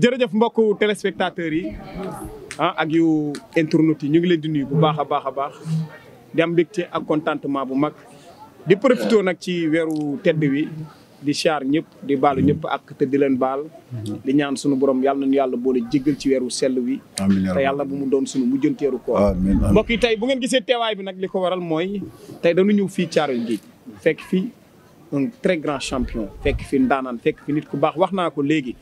jërëjëf mbokku téléspectateurs yi ah ak yi internautes yi ñu ngi leen di nuyu bu baax a baax a baax di am mbégte ak contentement bu mag di profité nag ci weeru tedd wi di char ñëpp di baalu ñëpp ak te di leen baal di ñaan sunu borom yàlla nañu yàlla boole jéggal ci weeru sell wi te yàlla bu mu doon suñu mujjanteeru koor mbokk yi tey bu ngeen gisee teewaay bi nag li ko waral mooy tey dañu ñëw fii Caaroy Géej fekk fi un très grand champion fekk fi ndaanaan fekk fi nit ku baax wax naa ko léegi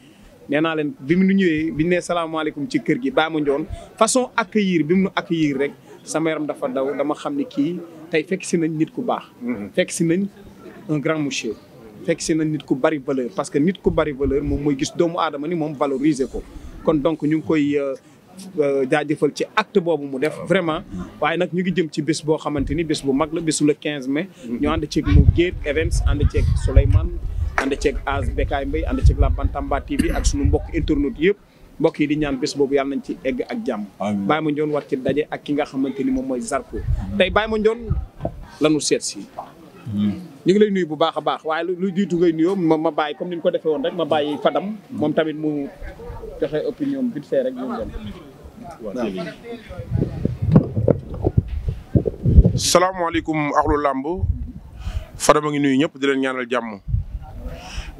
nee naa leen bi mu nu ñëwee bi ñu nee salaamaaleykum ci kër gi baa ma njoon façon accueillir bi mu nu accueillir rek sama yaram dafa daw dama xam ne kii tey fekk si nañ nit ku baax. Mhm. fekk si nañ un grand monsieur. fekk si nañ nit ku bari valeur parce que nit ku bari valeur moom mooy gis doomu aadama ni moom valoriser ko kon donc ñu ngi koy. Euh, euh, jaajëfal ci acte boobu mu def vraiment waaye nag ñu ngi jëm ci bés boo xamante ni bés bu mag la bésu le quinze mai mhm. ñu ànd ceeg mu Gate Events ànd ceeg Souleymane ànd ceeg as Bécaye mbay ànd ceeg la Bantamba TV ak suñu mbokk internautes yëpp mbokk yi di ñaan bés boobu yàlla nañ ci egg ak jàmm Baye Mandione war ci daje ak ki nga xamante ni moom mooy Zarko tey Baye Mandione lanu seet si hmm. ñu ngi lay nuyu bu baax a baax waaye lu jiitu ngay nuyoo ma ma bàyyi comme ni ñu ko defee woon rek ma bàyyi Fadam moom tamit mu joxe opinion vite fait rek ñu dem salaamaaleykum axlu làmb Fadam a ngi nuyu ñëpp di leen ñaanal jàmm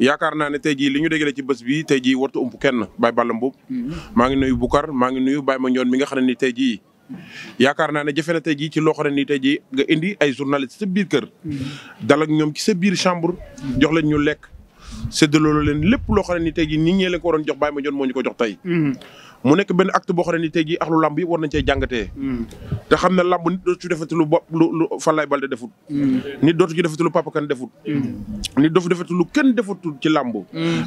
yaakaar naa ne tey jii li ñu déglee ci bés bi tey jii wartu ump kenn Baye Balla Mboup mm-hmm. maa ngi nuyu Boucar maa ngi nuyu Baye Mandione mi nga xam ne ni tey jii yaakaar naa ne jafe na tey jii ci loo xam ne nii tey jii nga indi ay journaliste sa biir kër mm-hmm. dal ñoom ci sa biir chambre mm-hmm. jox leen ñu lekk séddaloo leen lépp loo xam ne nii tey jii nit ñee leen ko waroon jox baay Mandione moo ñu ko jox tey mu nekk benn act boo xam ne ni tey jii axlu làmb yëpp war nañ cee jàngatee. Hmm. te xam ne lamb nit dootu ci defati lu bopp lu lu Falaye Balde defut. Hmm. nit dootu ci defati lu Papa Kane defut. Hmm. nit dootu defati lu kenn defatul ci làmb.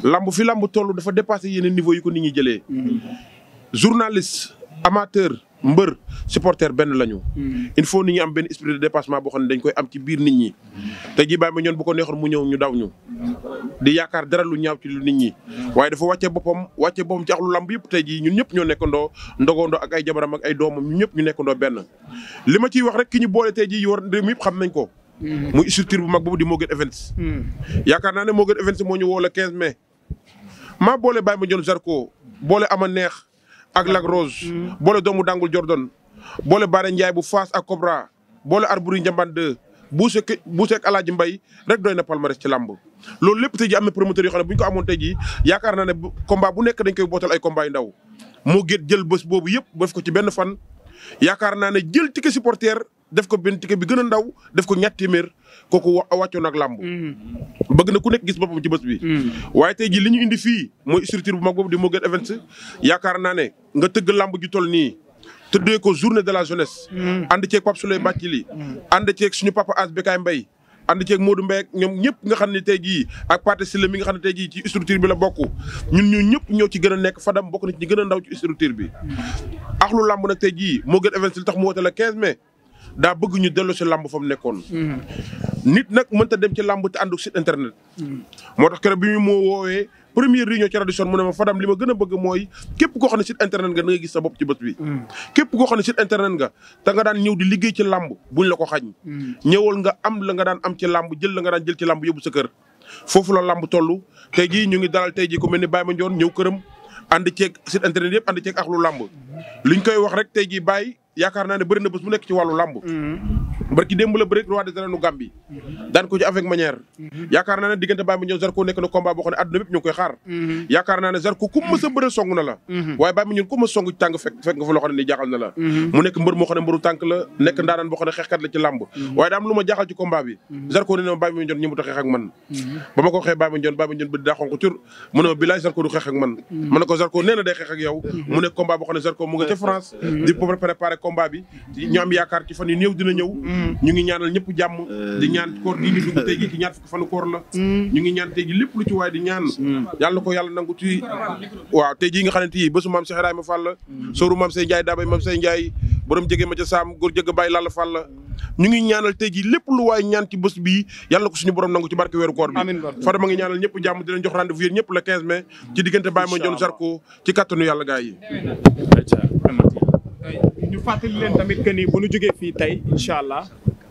làmb fi làmb tollu dafa dépassé yeneen niveau yi ko nit ñi jëlee. journaliste amateur. mbër supporter benn lañu. Hmm. il faut nit ñi am benn esprit de dépassement boo xam ne dañ koy am ci biir ñi. Hmm. te ji bàyyi ma ñoon bu ko neexoon mu ñëw ñu daw ñu. di yaakaar dara lu ñaaw ci nit ñi. Hmm. waaye dafa wàcce boppam wàcce boppam ci axlu yëpp tey jii ñun ñëpp ñoo nekkandoo ndogandoo ak ay jabaram ak ay doomam ñëpp ñu nekkandoo benn. li ma ciy wax rek ki ñu boole tey jii yor réew mi yëpp xam nañ ko. muy structure bu mag boobu di Moget Events. yaakaar naa ne Moget Events moo ñu woo le 15 mai. maa boole bàyyi ma ñoon Zarko boole am a neex ak Lac Rose. boole doomu dangul Jordan. boole Baare Ndiaye bu Faas ak Cobra. boole Arbouri Njamban 2. buuse buuse ak Alaaji Mbay rek doy na palmarès ci làmb loolu lépp tey ji am na promoteur yoo ne bu ñu ko amoon tey ji yaakaar naa ne combat bu nekk dañ koy bootal ay combat yu ndaw moo gét jël bés boobu yëpp def ko ci benn fan yaakaar naa ne jël ticket supporter def ko benn ticket bi gën a ndaw def ko ñetti téeméer kooku wàccoon ak làmb mm-hmm. bëgg na ku nekk gis boppam ci bés bi mm-hmm. waaye tey jii li ñu indi fii mooy structure bu mag boobu di moo gën events yaakaar naa ne nga tëgg làmb ju toll nii tëddee ko journée de la jeunesse mm-hmm. ànd ceeg Pape Souley Bathily ànd ceeg suñu papa as Bekaay Mbaye ànd ceeg Modou Mbaye ñoom ñëpp nga xam ne tey jii ak Pathé Sylla mi nga xam ne tey jii ci structure bi la bokk ñun ñu ñëpp ñoo ci gën a nekk Fadam bokk na ñi gën a ndaw ci structure bi axlu làmb nag tey jii moo gën events li tax mu woote la 15 mai daa bëgguñu ñu dellu si làmb fa mu nekkoon. nit nag mënta dem ci làmb te ànduk site internet. moo tax keroog bi mu moo woowee première réunion ci tradition mu ne ma Fadam li ma gën a bëgg mooy képp ko xam ne site internet nga da nga gis sa bopp ci bët bi. képp koo xam ne site internet nga te nga daan ñëw di liggéey ci làmb buñ la ko xañ ñëwal nga am la nga daan am ci làmb jël la nga daan jël ci làmb yóbbu sa kër. foofu la làmb toll tey jii ñu ngi dalal tey jii ko mel ni Baye Mandione ñëw këram ànd ceeg site internet yëpp ànd ceeg ak lu làmb liñ koy wax rek tey jii Baye yaakaar naa ne bëri na bés bu nekk ci wàllu làmb mhm. barki démb la bëri roi des arènes Gambie mhm. daan ko ci avec manière mhm. yaakaar naa ne diggante Baye Mandione Zarko nekk na combat boo xam ne àdduna bépp ñu ngi koy xaar a mu nekk ci France di préparer combat bi mm-hmm. ñu am yaakaar ci fan yu néew dina ñëw mm-hmm. ñu ngi ñaanal ñëpp jàmm euh, di ñaan koor gi euh, ñu koor la mm-hmm. ñu ngi ñaan tey gi lépp lu ci waaye di ñaan yàlla na ko ci waaw tey jii nga xamante yi bésu maam Cheikh Ibrahima la sooru maam Sey Ndiaye daabay maam Sey Ndiaye borom jege ma ca saam góor jëgg bàyyi lalla fàll ñu ngi ñaanal tey jii lépp lu waaye ñaan ci bés bii yàlla ko suñu borom nangu ci barke weeru koor bi fada ma ñëpp jàmm di leen jox rendez-vous yéen ñëpp le 15 mai kattanu yàlla gaay yi ñu fàttali leen tamit que ni bu ñu jógee fii tey incha allah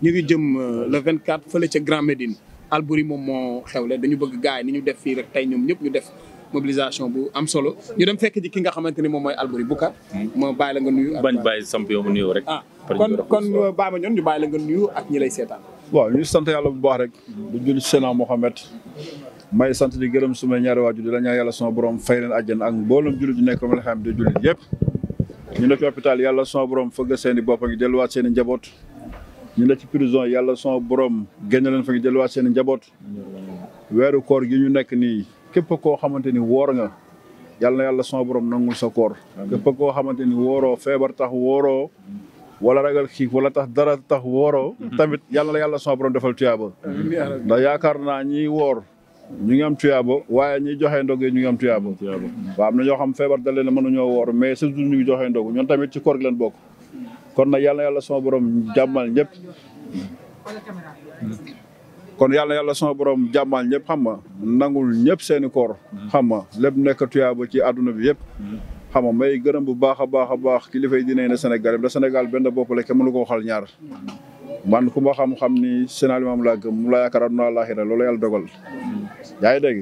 ñu ngi jëm euh, le 24 fële ca Grand Médine Albouri moom moo le dañu bëgg gars yi ni ñu def fii rek tey ñoom ñëpp ñu def mobilisation bu am solo ñu dem fekk ji ki nga xamante ni moom mooy Albouri Boucar. ma bàyyi la nga nuyu. bañ samp yow mu nuyoo rek. ah kon kon Baye Mandione ñu bàyyi nga nuyu ak ñi lay seetaan. waaw ñu sant yàlla bu baax rek. bu julli Seydina Mohamed. may sant di gërëm sumay ñaari waajur di la ñaan yàlla sama borom fay leen àjjana ak mboolem jullit di nekk ba nga yëpp ñu nekk hôpital yàlla son borom fëgg seen i bopp ngi delluwaat seen i njaboot ñu nekk ci prison yàlla son borom génn leen fa ngi delluwaat seen i njaboot weeru koor gi ñu nekk nii képp koo xamante ni woor nga yàlla na yàlla son borom nangul sa koor képp koo xamante ni wooroo feebar tax wooroo wala ragal xiif wala tax dara tax wooroo tamit yàlla na yàlla son borom defal tuyaaba ndax yaakaar naa ñiy woor ñu ngi am tuyaabo waaye ñuy joxe ndog ñu ngi am tuyaabo waa am na ñoo xam feebar da leen a mënuñoo woor mais surtout ñu ngi joxe ndog ñoon tamit ci koor gi leen bokk kon yàlla na yàlla sama borom jàmmal ñëpp yàlla na yàlla sama borom jàmmal ñëpp xam ma nangul ñëpp seeni koor xam ma lépp nekk tuyaabo ci àdduna bi yëpp xam nga may gërëm bu baax a baax a baax kilifa yi dinañ ne senegal da senegal benn bopp la kenn mënu ko waxal ñaar man ku ma xam-xam ni Sénégal moom laa gëm mu laa yaakaar àdduna àllaaxira loolu yàlla dogal yaa ngi dégg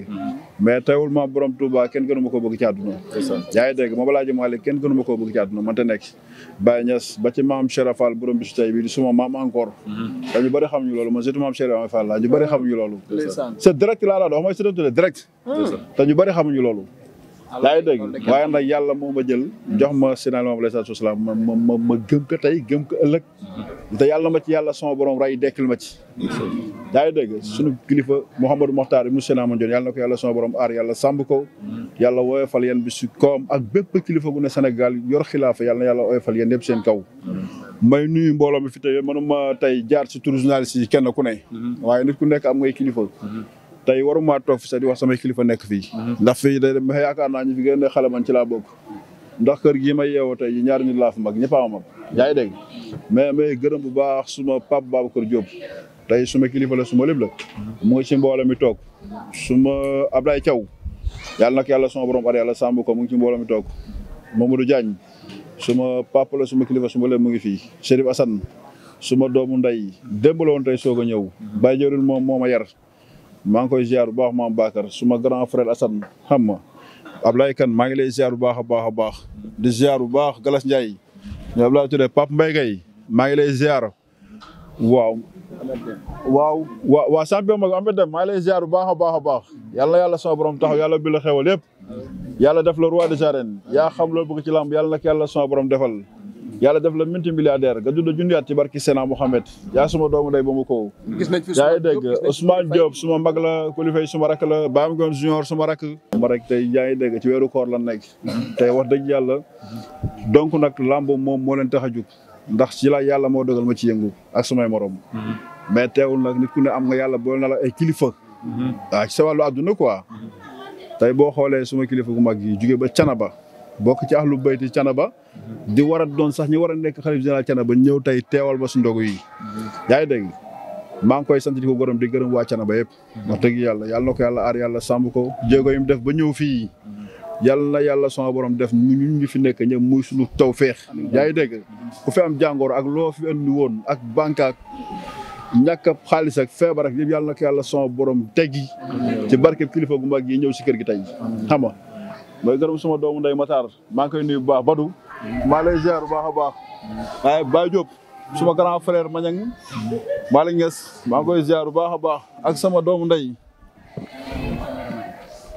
mais teewul ma borom Touba kenn gënu ma koo bëgg ci àdduna yaa ngi dégg moom Alaaji Maalik kenn gënu ko koo bëgg ci àdduna man te nekk Baye Niass ba ci maam Chérif Fall borom bisu tey bi di suma maam encore mhm. da ñu bëri xam ñu loolu man surtout maam Chérif Fall la ñu bëri ah. xam ñu loolu c'est direct laa la dox mooy c'est direct ah. te ñu xamuñu loolu yaa ngi dégg waaye nag yàlla moom ma jël jox ma sinal moom alayhi salaatu wasalaam ma ma ma gëm ko tey gëm ko ëllëg te yàlla ma ci yàlla sama borom ray dekkil ma ci yaa ngi dégg sunu kilifa Mouhamadou Mokhtar yi monsieu naamon dione yàlla na ko yàlla sama borom aar yàlla sàmb ko yàlla woyofal yeen bi si kawam ak bépp kilifa gu ne Sénégal yor xilaafa yàlla na yàlla woyofal yeen yëpp seen kaw may nuyu mbooloo mi fi tey mënuma tey jaar si tour journaliste yi kenn ku ne mm-hmm. waaye nit ku nekk am ngay kilifa tey warumaa toog fi sax di wax kilifa nekk fii mhm. ndax fii day dem yaakaar naa ñu fi gën a xale man ci laa kër gii may yeewoo tey ñaari nit laa fi mag ñëpp yaa ngi dégg mais mais gërëm bu baax suma pap Babacar Diop tey suma kilifa la suma lépp la mhm. mu ngi ci mbooloo mi toog suma Ablaye Thiaw yàlla nag yàlla suma borom at yàlla sàmm ko mu ngi ci mbooloo mi toog Mamadou Diagne suma papa la suma kilifa suma lépp mu ngi fii Chérif Assane suma doomu ndey démb la woon tey soog a ñëw mhm. Baye Dioril moom moo ma yar maa ngi koy ziar bu baax maam Bakar suma grand frère Assane xam ma Ablaye Kane maa ngi lay ziar bu baax a baax a baax di ziar bu baax Galas Ndiaye ñu Ablaye Touré Pape Mbaye Gueye maa ngi lay ziar waaw waaw waa waaw champion mag am dem maa ngi lay ziar bu baax a baax a baax yàlla yàlla sama borom taxaw yàlla bi la xewal yëpp yàlla def la roi des arènes yaa xam loo bëgg ci làmb yàlla nag yàlla sama borom defal yàlla def la multi milliardaire nga dund junniyaat ci barki Sénat Mohamed yaa suma doomu day ba ma koow yaa ngi dégg Ousmane Diop suma mag la Kulifay suma rak baa Bam Gon Junior suma rak ma rek tey yaa ngi dégg ci weeru koor la nekk tey wax dëgg yàlla donc nag lamb moom moo leen tax a jóg ndax ci la yàlla moo dogal ma ci yëngu ak sumay morom mais teewul nag nit ku ne am nga yàlla boo na la ay kilifa mhm. waaw sa wàllu àdduna quoi mhm. tey boo xoolee suma kilifa gu mag yi jóge ba Canaba bokk ci ahlu bayti canaba di war a doon sax ñu war a nekk xalif général canaba ñëw tey teewal ba su yi yaa ngi dégg maa ngi koy sant di gërëm di gërëm waa canaba yëpp wax dëgg yàlla yàlla yàlla aar yàlla sàmm ko jéego yi mu def ba ñëw fii yàlla na yàlla sama borom def ñun fi nekk ñëpp muy suñu taw yaa ngi dégg ku fi am jàngoor ak loo fi andi woon ak banque ak xaalis ak feebar ak yëpp yàlla na ko yàlla sama borom teggi ci barke kilifa gu mag yi ñëw si kër gi tey xam mooy gërëm suma doomu nday Matar maa ngi koy nuyu bu baax Badou maa lay ziar bu baax a baax waaye Baye Diop suma grand frère Mañang Malick maa ngi koy ziar bu baax a baax ak sama doomu nday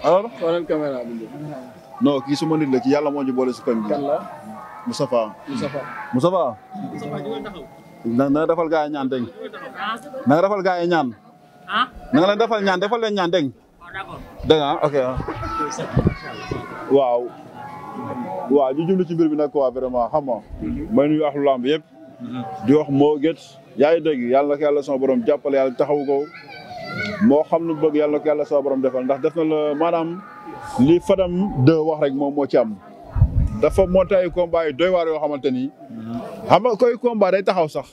alors xoolal suma nit la ki yàlla moo ñu boole si koñ bi kan la Moustapha Moustapha na defal gaa yi ñaan na defal gaa yi ñaan ah? na nga defal ñaan defal leen ñaan dégg ah, dégg ah waaw waaw ñu jublu ci mbir bi nag quoi vraiment xam nga mhm. may nuyu axlu lamb yëpp mhm. di wax moo gét yaa ngi dégg yàlla na ko yàlla sama borom jàppale yàlla taxaw ko moo xam nu bëgg yàlla na ko yàlla sama borom defal ndax def na la maanaam li Fadam de wax rek moom moo ci am dafa monté ay combat yi doy waar yoo xamante ni mhm. xam nga koy combat day taxaw sax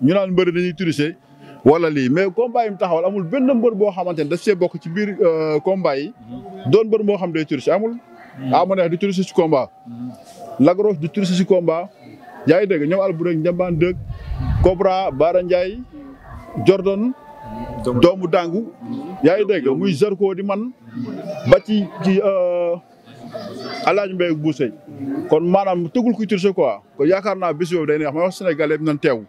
ñu naan mbëri dañuy tricher wala lii mais combat yi mu taxawal amul benn mbër boo xamante ni daf see bokk ci biir euh, combat yi doon moo xam day tricher amul Mm-hmm. Ama ah, Neex eh, du touriste ci combat. Mm-hmm. Lac Rose du touriste ci combat. yaa ngi dégg ñoom Alboury Njambaan Dëgg. Mm-hmm. Cobra Baara Ndiaye. Jordan. doomu dàngu yaa ngi dégg muy Zarko di man. ba ci ci euh, Alaaji Mbaye ak kon maanaam tëggul kuy touriste quoi kon yaakaar naa bés yooyu day neex may wax Sénégalais nan teew.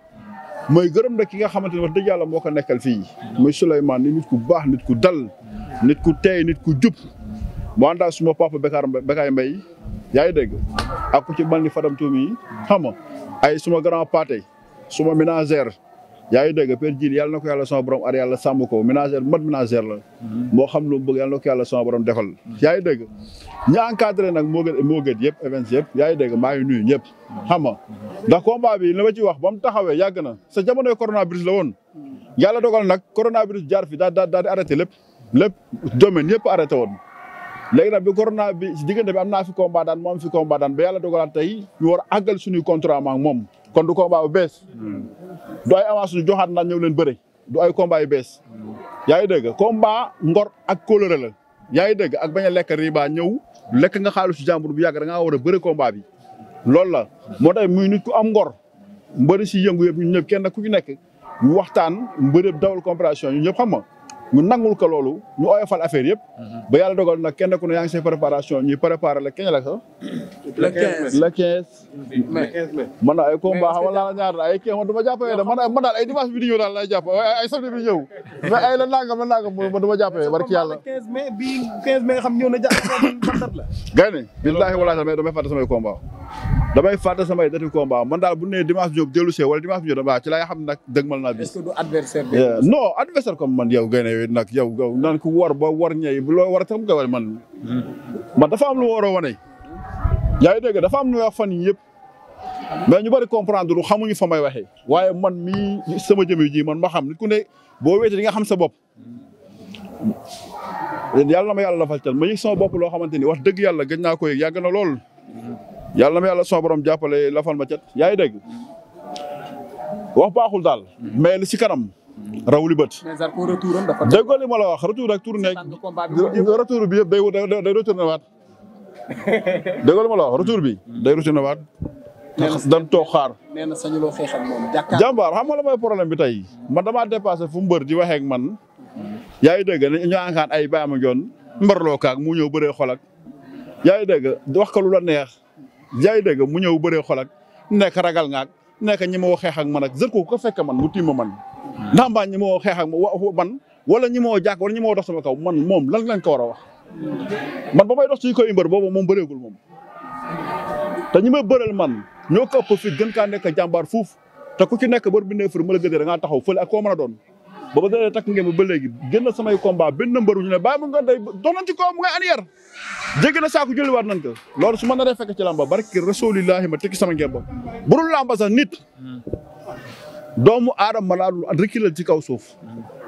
mooy gërëm nag ki nga xamante ne wax dëgg yàlla moo ko nekkal fii. muy Souleymane nit ku baax nit ku dal. nit ku teey nit ku jub. boo àndaat suma papa Bekar Bekaay Mbaye yaa ngi dégg ak ku ci mel ni Fadam Toumi yi xam ay suma grand pâté suma ménagère yaa ngi dégg père Djil yàlla na ko yàlla sama borom ar yàlla sàmm ko ménagère mat ménagère la moo xam lu mu bëgg yàlla na ko yàlla sama borom defal yaa ngi dégg ñi encadré nag moo gën moo gën yëpp events yëpp yaa ngi dégg maa ngi nuyu ñëpp xam nga ndax combat bi li ma ci wax ba mu taxawee yàgg na sa jamonoy coronavirus la woon yàlla dogal nag coronavirus jaar fi daa daa daa di lépp lépp domaine yëpp arrêté woon léegi nag bi corona bi si diggante bi am naa fi combat moom fi combat daan ba yàlla dogalaat tey ñu war a àggal suñuy contrat ak moom kon du combat bu bees du ay avance ñu joxaat naan ñëw leen bëre du ay combat yu bees yaa ngi dégg combat ngor ak kóllëre la yaa ngi dégg ak bañ a lekk riba ñëw lekk nga xaalisu jàmbur bu yàgg da war a bëre combat bi loolu la moo tax muy nit am ngor mbëri si yëngu yëpp ñun ñëpp kenn ku ci nekk ñu waxtaan mbëri dawal comparaison ñu ñëpp xam nga ñu nangul ko loolu ñu oyofal affaire yëpp. Mhm. ba yàlla dogal nag kenn ku ne yaa ngi seen préparation ñuy préparer la sax. le 15 le 15. mai man na ay combat xam nga ñaar ay kii man du ma jàppee de man man daal ay dimanche bi di ñëw daal lay jàpp ay samedi bi ñëw. mais ay la nangam la nangam man du ma jàppee barki yàlla. 15 mai bii 15 mai nga xam ñëw na jàpp la. gay ne billahi walaay mais damay fàtte samay damay fàtte samay dati combat man daal bu ñu nee dimanche bi ñëw dellu see wala dimanche bi ñëw waaw ci laay xam nag dëgmal naa bi est-ce que du adversaire non adversaire man yow gayne yooyu nag yow gaw naan ko war ba war ñey bu loo war tam nga war man hmm. man dafa am lu waroo wane yaa ngi dégg dafa am lu wax fan yi yëpp mais ñu bari comprendre lu xamuñu fa may waxee waaye man mii sama jëme ji man ma xam nit ku ne boo wéete di nga xam sa bopp yàlla na ma yàlla lafal cal ma ñu sama bopp loo xamante ni wax dëgg yàlla gëj naa ko yàgg na lool hmm. yàlla na ma yàlla sama borom jàppale lafal ma cat yaa ngi dégg wax baaxul daal mais li si kanam rawuli bët. mais Zarko ma la wax retour ak tour nekk retour bi yëpp day day day retourné waat retour bi day retourné waat. dan toog xaar. nee na sañu xam nga la mooy problème bi tey ma damaa dépassé fu mbër di waxee man. yaa ngi dégg ñu ay baama yoon mbarloo kaag mu ñëw bëree xol ak yaa ngi dégg wax ko la neex. jaay dëgg mu ñëw bëree xol ak nekk ragal ngaak nekk ñi ma woo xeex ak man ak zër ko ko fekk man mu tiim man ndax mbaa ñi ma woo xeex ak man wala ñi ma woo jàkk wala ñi ma woo dox sama kaw man moom lan lañ ko war a wax man ba may dox suñu koy mbër boobu moom bëreegul moom ta ñi ma bëral man ñoo ko ëpp fit gën kaa nekk jàmbaar fuuf te ku ci nekk bër bi ne fër ma la gëj da ngaa taxaw fële ak koo mën a doon ba ba dalee takk ngeen ba léegi génn samay combat benn mbër ñu ne bàyyi mu nga day dox nañ ci kaw mu nga anier jéggi na saako julliwaat nañ ko loolu su ma naree fekk ci làmba barki rasulillahi ma tekki sama ngeen ba bu dul làmba sax nit doomu aadama laa rikilal ci kaw suuf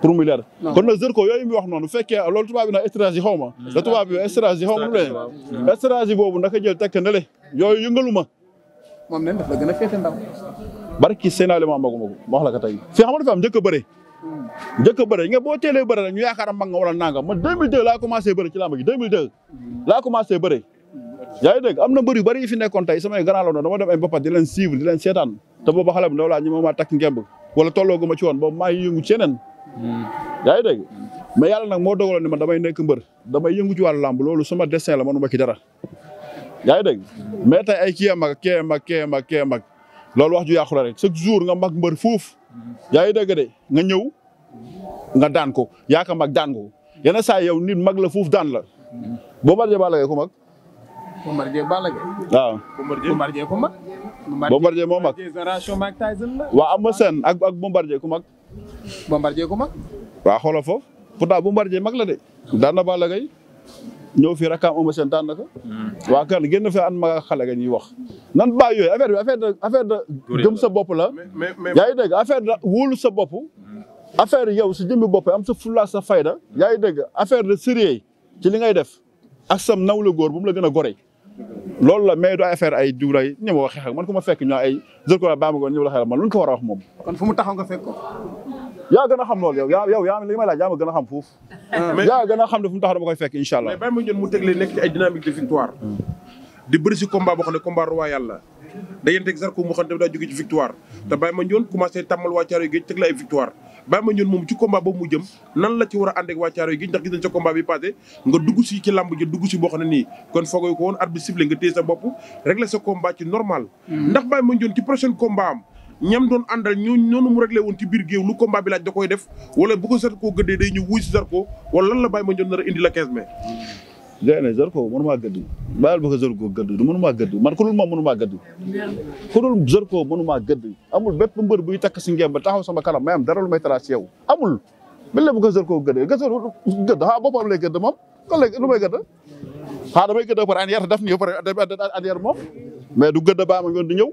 pour mu leer kon nag zërko yooyu mu wax noonu fekkee loolu tubaab bi nag stratégie xaw ma da mm. tubaab bi stratégie xaw ma lu leen stratégie boobu naka jël tekk ndale yooyu yëngalu ma moom nen a féete ndaw barki seenaali maa mbagu magu la ko tey fii xam njëkk a bëre njëkk a nga boo teelee bëre rek ñu yaakaar mag nga wala nangam man 2002 laa commencé bëre ci làmb gi 2002 laa commencé bëre yaa ngi dégg am na mbër yu bëri yi fi nekkoon tey samay grand la dama dem ay boppam di leen suivre di leen seetaan te boobu xale bu ndaw laa ñu ma maa takk ngemb wala tolloogu ma ci woon boobu maa ngi yëngu nag moo dogaloon ni man damay nekk mbër damay yëngu ci wàllu làmb loolu sama destin la mënu ma ci dara yaa ngi dégg mais tey ay kii mag ke mag kii mag kii mag loolu wax ju yàqu la rek chaque jour nga mag mbër fuuf yaa ngi dégg de nga ñëw nga daan ko yaa ka mag daan ko yenn saa yow nit mag la fuuf daan la Bombardier ba Gaye ku mag. Bombardier Balla Gaye. waaw Bombardier ku mag. Bombardier moo mag. génération Mike Tyson la. waaw am na ak ak ku mag. Bombardier ku mag. waaw xoolal foofu pourtant Bombardier mag la de daan na Balla Gaye ñëw fii rakkaam am seen daan naka. waa kër génn fi an ma xale ga ñuy wax. nan bàyyi yooyu affaire bi affaire de affaire sa bopp la. yaa ngi dégg affaire de wóolu sa bopp. affaire yow si jëmmi bopp am sa fulla sa fayda. yaa ngi dégg affaire de sérieux ci li ngay def ak sam nawle góor bu mu la gën a gore. loolu la mais du ay ay diw lay ñi ma man ku ma fekk ñu ay jël ko la baa ma ko ñëw la xel man lu ñu ko war a wax moom. kon fu mu taxaw nga fekk ko. yaa gën a xam loolu yow yaa yow yaa li may laaj yaa ma gën a xam foofu ah, yaa gën a xam ne fu mu tax dama koy fekk incha allah mais Baye Mandione mu teg nekk ci ay dynamique de victoire di bëri si combat boo xam ne combat royal la da yéen victoire te Baye Mandione commencé moom ci combat boobu mu nan la ci war a ànd ak waa Caaroy Géej ndax gis nañ sa combat bi passé nga dugg si ci làmb ji dugg si boo xam ne nii kon foogoo ko woon arbitre bi sifflé nga téye sa bopp régler sa combat ci normal hmm. ñam doon àndal ñooñu noonu mu réglé woon ci biir géew lu combat bi laaj da koy def wala bu ko Zarko gëddee day ñu wuy Zarko wala lan la Baye Mandione nar a indi la 15 mai. gay ne Zarko mënumaa gëdd bàyyil ba ko Zarko gëdd du mënumaa gëdd man ku dul moom amul bépp mbër buy takk si ngeen ba taxaw sama kanam may dara may tara si yow amul bi la bu ko Zarko gëddee gëdd xaa ah, boppam may gëdd xaa ah, damay gëdd par an yar daf ni par an moom mais du gëdd ba ma yoon di ñëw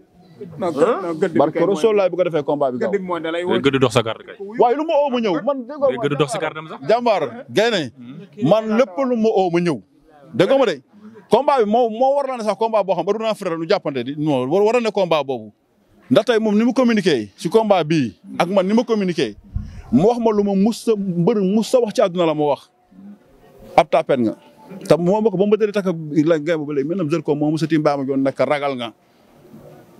non gëdd bi barke bu ko defee combat bi gaaw gëdd bi mooy da lay woo gëdd dox sa garde kay waaye lu ma oo ma ñëw man déggoo ma gëdd dox sa garde sax jàmbaar gaynde hmm. man lépp lu ma oo ma ñëw déggoo ma de combat bi moo moo war la ne sax combat boo xam ba du naa frère lu jàppante di non war na ne combat boobu ndax tey moom ni mu communiqué si combat bii ak man ni ma communiqué mu wax ma lu ma mus sa mbër mus sa wax ci àdduna la ma wax ab tapet nga te moo ma ko ba ma dëri takk la ngay ba léegi maisnam jël ko moo musa ti mbaama joon nekk ragal nga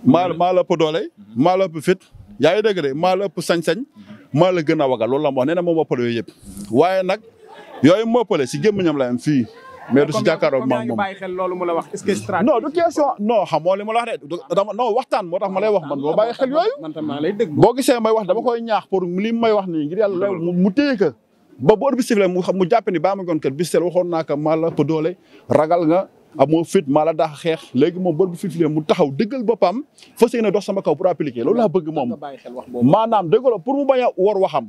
maa maa la ëpp doole maa la ëpp fit yaa ngi dégg de maa la sañ-sañ maa la gën a wagal lool la ma wax nee na moom ëppale yooyu yëpp waaye nag yooyu moppale si gémmiñam la am fii mais du si jàkkaarloo ma moom bàyyi xel loolu mu la wax est-ce que stratégie non la dama non waxtaan moo tax ma lay wax man boo bàyyi xel yooyu man tam maa lay boo gisee may wax dama koy ñaax pour li may wax nii ngir yàlla loolu mu téye ka ba boor bi sifle mu jàpp ni baa ma goon kat bis waxoon naa ko maa la ëpp doole ragal nga amoo fit maa la xeex léegi moom bër bu fit mu taxaw dëggal boppam fas yéene dox sama kaw pour appliquer loolu laa bëgg moom maanaam dëgg la pour mu bañ a war waxam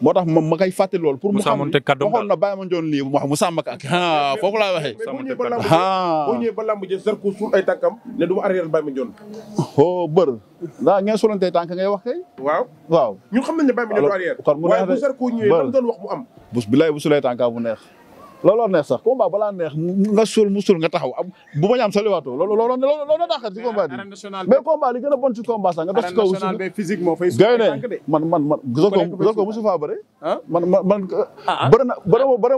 moo tax moom ma koy fàtte loolu pour mu xam waxoon na bàyyi ma njoon lii mu wax mu sàmm ak ah foofu laa waxee boo ñëwee ba lamb ji Zarko suul ay tànkam ne du ma arrière bàyyi ma njoon oh bër daa ngeen solante tànk ngay wax kay waaw waaw ñun xam nañ ne bàyyi ma njoon du wax mu am bus bilaay bu sulee tànka bu neex looloo neex sax combat balaa neex nga suul mu suul nga taxaw am bu bañ a am soliwaatoo loolu loolu loolu daaxal ci combat mais a bon ko gisoo ko mosu na bëri ma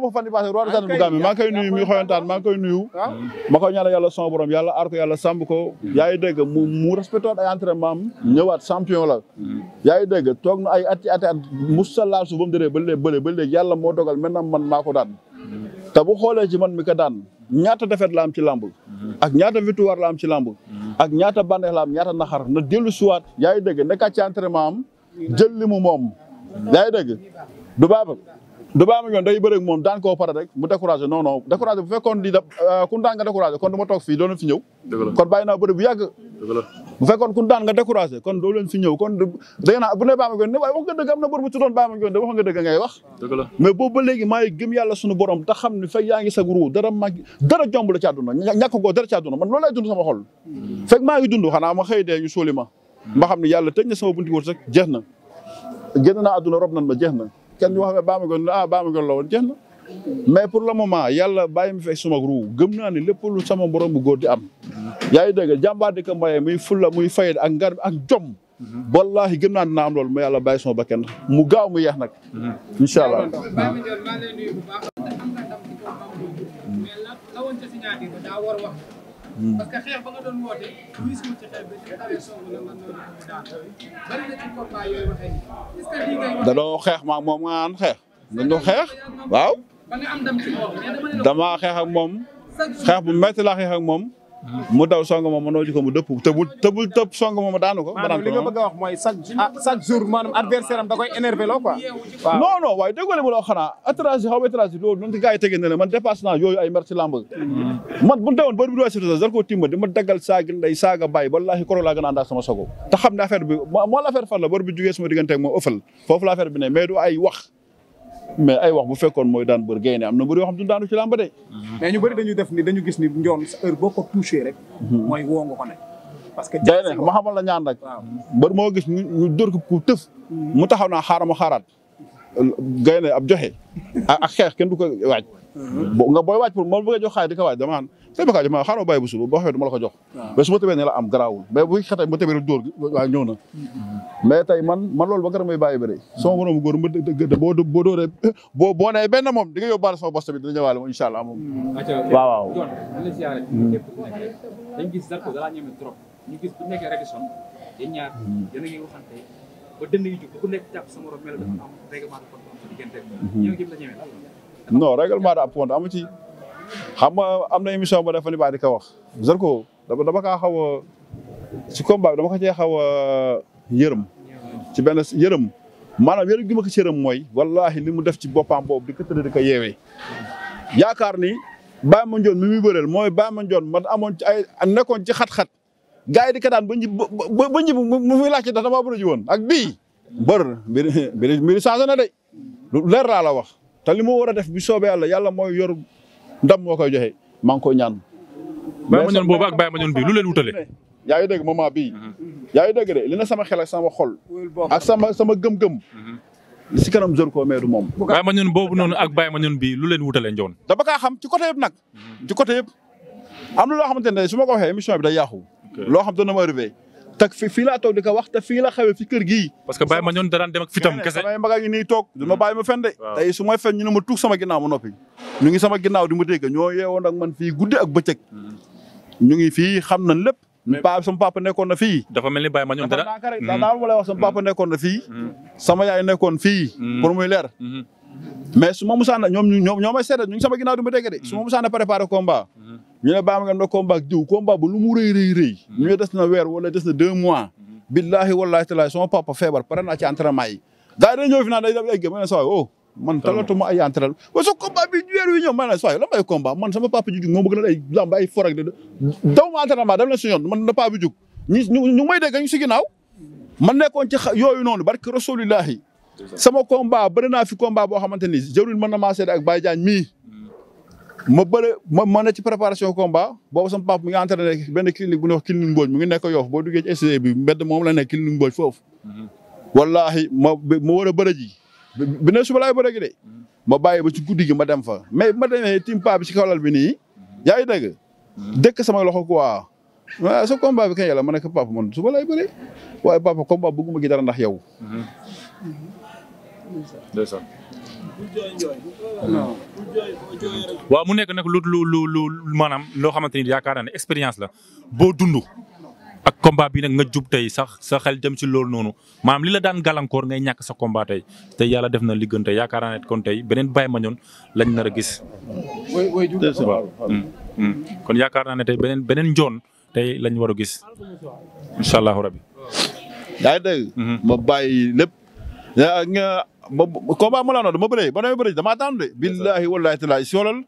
ma fan yi passé roi de sane ah, bu Gambie maa ngi koy nuyu muy xoyantaan maa nuyu ah. ma koy ñaanal yàlla son yàlla aar ko yàlla sàmm ko hmm. yaa ngi dégg mu mu respecté waat ay entraînement am hmm. ñëwaat champion la hmm. yaa ngi dégg toog na ay at musa laal suuf ba mu déree ba léegi yàlla moo dogal maintenant man maa ko daan te bu xoolee ci man mi ka daan ñaata defet la am ci làmbul ak ñaata victoire la am ci làmbul ak ñaata bànneex la am ñaata naxar na dellu suwaat yaa ngi dégg nekkaat ci entraînement am jël li mu moom yaa ngi dégg du baaba du baaba ñoon day bëri ak moom daan koo pare rek mu découragé non non bu fekkoon di da kun daan nga découragé kon du ma toog fii doon fi ñëw kon bàyyi naa bëri bu yàgg bu fekkoon kun daan nga découragé kon doo leen fi ñëw kon dégg naa bu ne Baye Mandione ne waaye wax nga dëgg am na bor bu ci doon Baye Mandione de wax nga dëgg ngay wax mais boobu ngi gëm yàlla suñu borom te xam ne la ci àdduna ñàkk loolu lay dund sama xol fekk maa ngi dund xanaa ma xëy dee ñu suuli ma ma ne yàlla tëj na sama bunti wërsëg jeex na génn naa àdduna rob nan ma jeex na kenn ñu wax ne Baye Mandione ah Baye la jeex na mais pour le moment yàlla bàyyi mi fekk suma ruu gëm naa ne lépp sama borom bu góor di am. yaa ngi dégg jàmbaar di ko mbayee muy fulla muy fayda ak ngar ak jom. wallahi gëm naa ne naa am loolu mu yàlla bàyyi suma bakkan mu gaaw mu yeex nag. xeex ba nga doon na ci xeex maa moom nga naan xeex. dañoo xeex waaw. damaa xeex ak moom xeex bu métti laa xeex ak moom. mu daw song moom ma noo mu dëpp te bu te bu tëb song moom a daanu ko. ma daan ko li nga bëgg a wax mooy chaque ah, waaye déggoo li ma la wax xanaa étranger xaw ma étranger loolu noonu gars yi tegee na la man di ma daggal saaga bàyyi wallaahi koro laa gën a àndaat sama sogo. te xam ne affaire bi moo affaire fan la bër bi jugee moom ëffal foofu la affaire bi ne mais du ay wax mais ay wax bu fekkoon mooy daan bër gaynde am na mbër yoo xam ne daanu ci làmb de. mais ñu bëri dañu def ni dañu gis ni njoon heure boo ko touché rek. Mhm. mooy woo nga ko ne. parce que gaynde ma xamal la ñaan rek. mbër moo gis ñu dóor ko ku tëf. mu taxaw naa xaaral ma xaaraat gaynde ab joxe ak xeex kenn du ko waaj. nga booy waaj pour ma bëgg a jox xaalis di ko waaj dama naan tey bakkaa jox ma xaaral ma bàyyi bu suba boo xamee du ma mais am garaawul mais bu xatee ma tëbee mais tey man man loolu ba kër may bàyyi bëri mm. sama borom góor ma boo boo dóoree boo boo nee benn moom di nga yóbbaale sama bos tamit dina ñëwaale ñaar a ba dënd yi jug ku nekk non règlement de compte am ci xam nga am na émission ba dafa ni baa di wax Zarko dama dama ka xaw a si combat bi dama ko cee xaw a yërëm ci benn yërëm maanaam yërëm gi ma ko ci yërëm mooy wallaahi li mu def ci boppam boobu di ko tëdd di ko yaakaar ni Baye Mandione mi muy bëreel mooy Baye Mandione man amoon ci ay nekkoon ci xat-xat gars yi di daan ba njib ba njib mu muy laajte ndax damaa bëri woon ak bi bër mbiri mbiri changé na de lu leer la wax te li mu war a def bu soobee yàlla yàlla mooy yor ndam moo koy joxe maa ngi ñaan. bàyyi ma ñoon boobu ak bàyyi ma ñoon bii lu leen wutale. yaa ngi dégg moment bi mhm. yaa ngi dégg de li na sama xel ak sama xol. ak sama sama gëm-gëm. Mhm. si kanam zor koo mais moom. bàyyi ma ñoon boobu noonu ak bàyyi ma ñoon bii lu leen wutale njoon. dama kaa xam ci côté yëpp nag. Mhm. ci côté yëpp am na loo xamante ne su ma ko waxee émission bi day yàqu. loo xam da ne ma arrivé tak fi fii laa toog di ko wax te fii la xewee fi kër gi parce que Baye ma ñoon daraan dem ak fitam kese samay mag a ngi nii toog du ma hmm. bàyyi ma fen de tey su fen ñu ma tuug sama ginnaaw ma noppi ñu ngi sama ginnaaw di ma dégg ñoo yeewoon ak man fii guddi a bëccëg hmm. ñu ngi fii xam nañ lépp paa sama papa nekkoon na fii dafa mel ni Baye ma ñoon dara hmm. daal ma lay wax sama papa nekkoon na fii sama yaay nekkoon fii pour muy leer mais su ma musaana ñoom ñoom ñoo may seetal ñu ngi sama ginnaaw du ma dégg de. su ma mm-hmm. préparé combat. Mm-hmm. ñu ne Balla Gaye am na combat ak diw combat bu lu mm-hmm. des na weer wala des na deux mois. billahi wallahi taala sama papa feebar pare naa ci entraînement yi. daa day ñëw fi naan day def ay gëm ne saa oh. man talatuma ay ma ne saa la oh, may combat man sama papa jug moo bëgg ay lamba ay for bi jug. ñu ñu may dégg yooyu noonu barke rasulillahi sama combat bëri naa fi combat boo xamante ni jërul mën na maa seede ak Baye Diagne mii. ma bëre ma ma ne ci préparation combat boobu sama papa mi ngi entraîné benn clinique bu ñuy wax mu ngi nekk Yoff boo duggee ci bi mbedd moom la nekk clinique Mbodj foofu. wallahi ma ma war a bëre ji. bi ne suba laay bëre de. ma bàyyi ba ci guddi gi ma dem fa mais ma demee tim paa bi ci kawlal bi nii. yaa ngi dégg. dëkk sama loxo quoi. waaw sa combat bi kañ yàlla ma nekk papa man suba laay bëre waaye papa combat bëgguma gi ndax yow. ndeysaan waaw mu nekk nag lu lu lu lu maanaam loo xamante ni yaakaar naa ne expérience la boo dund ak combat bi nag nga jub tey sax sa xel dem si loolu noonu maanaam li la daan gàllankoor ngay ñàkk sax combat tey te yàlla def na li gën tey yaakaar naa ne kon tey beneen Baye Mandione lañ nar a gis. Mm, mm. yaakaar naa ne tey beneen beneen njoon tey lañ war a gis incha allahu rabi. yaa ngi mm-hmm. ma bàyyi lépp. combat ma la noonu dama bëree ba damay bëree damaa daanu de. billahi wallahi taala soolal.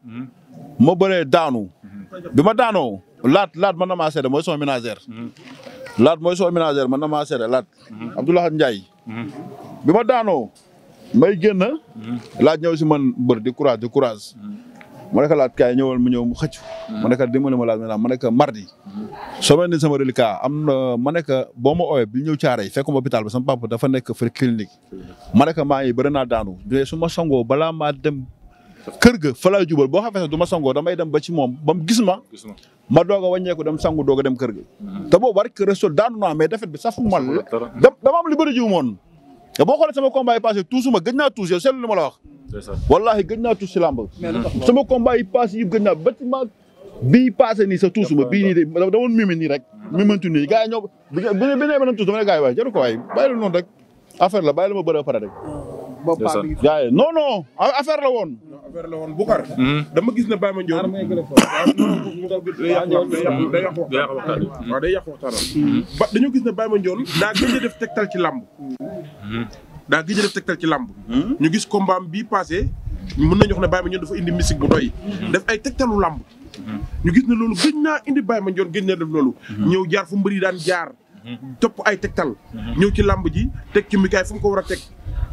ma bëree daanu. bi ma daanoo laat laat man na maa seede mooy son ménagère. laat mooy son ménagère man na maa seede laat. Abdoulaye Ndiaye. bi ma daanoo may génn. laaj ñëw si man mbër di courage di courage. ma ne ko laat kaay ñëwal mu ñëw mu xëcc. Hmm. ma ne ko dimbali ma laaj ma ne mardi. Hmm. soo mel ni sama reliquat am na ma ne ko boo ma oowee bi ñëw caaree fekk hôpital bi sama papa dafa nekk fële clinique. ma ne ko maa ngi bëri naa daanu mais su ma songoo balaa maa dem. kër ga fa laa jubal boo xamee sax du ma sangoo damay dem ba ci moom ba mu gis ma. ma doog a wàññeeku dem sangu doog dem kër ga. Hmm. te boobu war kër resto daanu naa mais defet bi safu ma la dama am li bëri jiw moon boo xoolee sama combat naa tuus yow seetlu ma la wax. wallahi gëj naa tuus si làmb sama combat yi passé yëpp gëj naa bâtiment bii passé ni sa ma bii nii de da woon mimi rek mimantu nii yi ñoo bi nee beneen tuus dama ne gars yi waaye jaru ko waaye bàyyi la noonu rek affaire la bàyyi la ma bëre pare rek gars yi non non affaire la woon affaire la woon Boucar dama gis ne Baye Mandione day yàq waxtaan waaw day yàq waxtaan gis ne Baye Mandione daa gën a def tegtal ci làmb daa gëj a def tegtal ci làmb hmm? ñu gis combat bi passé mën nañu wax ne Baye Mandione dafa indi mystique bu doy. Hmm. def ay tegtalu làmb hmm. ñu gis ne loolu gëj naa indi Baye Mandione gëj na def loolu. ñëw jaar fu mbëri daan jaar. topp ay tegtal. ñëw ci làmb ji teg cumbikaay fu mu ko war a teg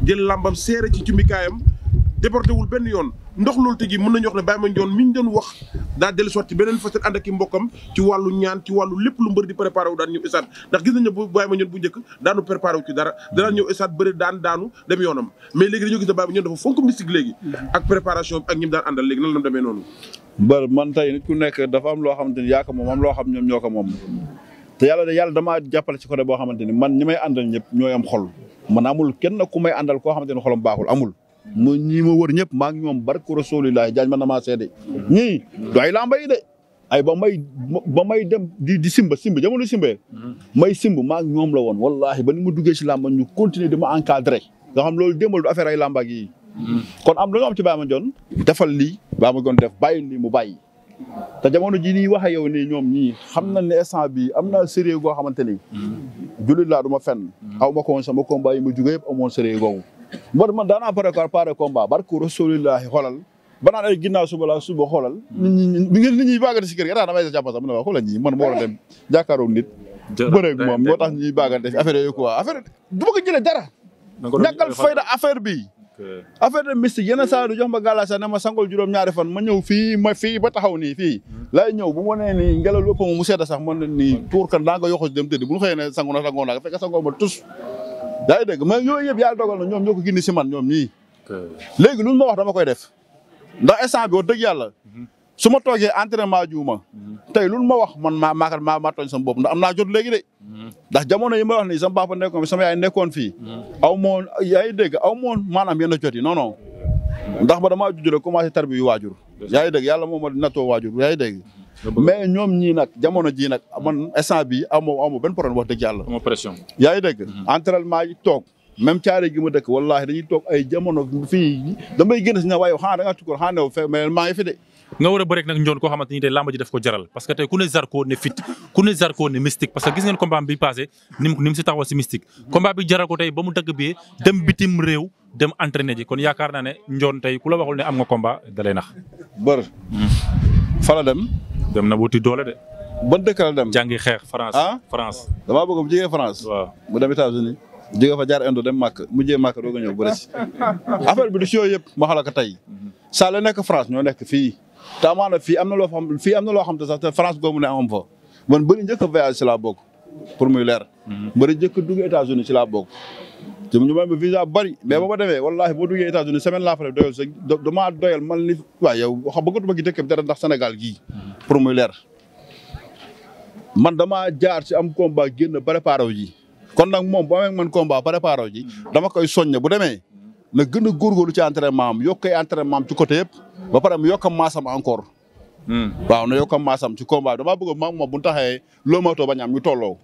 jël làmbam seere ci cumbikaayam déporté wul benn yoon. ndox loolu te ji mën nañu wax ne Baye Mandione doon mi ñu doon wax daa dellu beneen facette ànd ak i mbokkam ci wàllu ñaan ci wàllu lépp lu mbër di préparé wu daan ñëw estaat ndax gis nañu ne bu Baye Mandione bu njëkk daan ñëw estaat bëri daanu dem yoonam mais léegi dañoo gis ne Baye Mandione dafa fonk mystique léegi ak demee noonu bër man tey nit ku nekk dafa am loo xamante ni yaa ko moom am loo xam ñoom ñoo ko moom te yàlla de yàlla damaa jàppale ci côté boo xamante ni man ñi may àndal ñëpp ñooy am xol man amul kenn ku may àndal koo xamante ni xolam baaxul amul ma ñii ma wër ñëpp maa ngi ñoom barke rasulilah jaañ ma na maa seede ñii du ay lamba yi de ay ba may ba may dem di di simba simba jamono simbee may simb maak ñoom la woon wallahi ba nu ma duggee si lamba ñu continuer dem ma encadré nga xam loolu démbal du affaire ay lamba ak kon am dañoo am ci Baye Mandione defal lii Baye Mandione def bàyyi lii mu bàyyi te jamono ji nii waxe yow nii ñoom ñii xam nañ ne instant bi am naa sérieux goo xamante ni jullit laa du ma fen mm. aw ma ko sama combat yi ma jugee yëpp amoon sérieux googu man man daanaa préparé combat barku rasulillahi ba naan ay ginnaaw suba laa suba xoolal nit ñi nit ñi baagante si kër gi daa la dem jàkkaaroo nit bëreeg moom moo tax ñuy baagante fi affaire yooyu quoi affaire du ma ko jëlee dara ñàkkal affaire bi affaire de mystique yenn saa du jox ma gàllaa ma sangol juróom-ñaari fan ma ñëw ba taxaw ni fii laay ñëw bu ma nee nii ngelaw lu ëpp mu sedda sax man ne nii tuur kan daa nga yoxos dem tëdd bu ñu sango na sango naa fekk sangoo ma tus yaa ngi dégg mais yooyu yëpp yàlla dogal na ñoom ñoo ko gindi si ñoom ñii léegi lu ma wax dama koy def ndax instant bi wax dëgg yàlla mhm. su ma toogee entraînement juuma mhm. tey lu ma wax man maa maakal maa maa tooñ sama bopp ndax am naa jot léegi de mhm. ndax jamono yi may wax nii sama papa nekkoon fi sama yaay nekkoon fii aw moon yaa ngi dégg aw moon maanaam yenn jot yi non non ndax ba damaa judd rek commencé tarbi yu waajur yaa ngi dégg yàlla moom ma nattoo waajur yaa ngi dégg mais ñoom ñii nag jamono jii nag man instant bi amoo amoo benn problème wax dëgg yàlla. amoo pression. yaa ngi dégg. Mhm. entraînement yi toog. même caare gi ma dëkk wallaahi dañuy toog ay jamono fii damay génn si ne waaye da ngaa tukkoon xanaa new fi de. nga war a bëreeg nag njoon koo xamante ni tey ko jaral parce que tey ku ne Zarko ne fit ku ne Zarko ne mystique parce que gis ngeen combat bi jaral ko tey ba mu dagg bee dem bitim réew dem entraîné ji kon yaakaar naa ne njoon tey ku la waxul ne am nga combat da lay nax. bër mhm. fala dem. dem na wuti doole de. ba dëkk la dem jàngi xeex France. ah France. damaa bëgg bu jege France. waaw mu dem États-Unis jóge fa jaar Indo dem Màkk mujjee Màkk doog a ñëw bëri si. bi du si yooyu ma xala ko tey. Mhm. saa la nekk France ñoo nekk fii. te amaana fii am na loo xam fii am na loo xam te sax te France googu ne am fa man bëri njëkk a voyage si pour muy leer. Mhm. bëri njëkk a dugg États-Unis si laa te ñu may ma visa bari mais ba ma demee wallaahi boo duggee États-Unis semaine laa fa def doyal sax damaa doyal ni li waaye yow wax ba gi dëkk bi dara ndax Sénégal gii pour mu leer man damaa jaar ci am combat génn préparé wu ji kon nag moom bu amee man combat préparé wu ji dama koy soññ bu demee na gën a góorgóorlu ci entraînement maam yokk ay entraînement am ci côté yëpp ba pare mu yokk maasam encore waaw na yokk a maasam ci combat bi damaa bëgg maam moom bu ñu taxee loo matoo bañ am ñu tolloo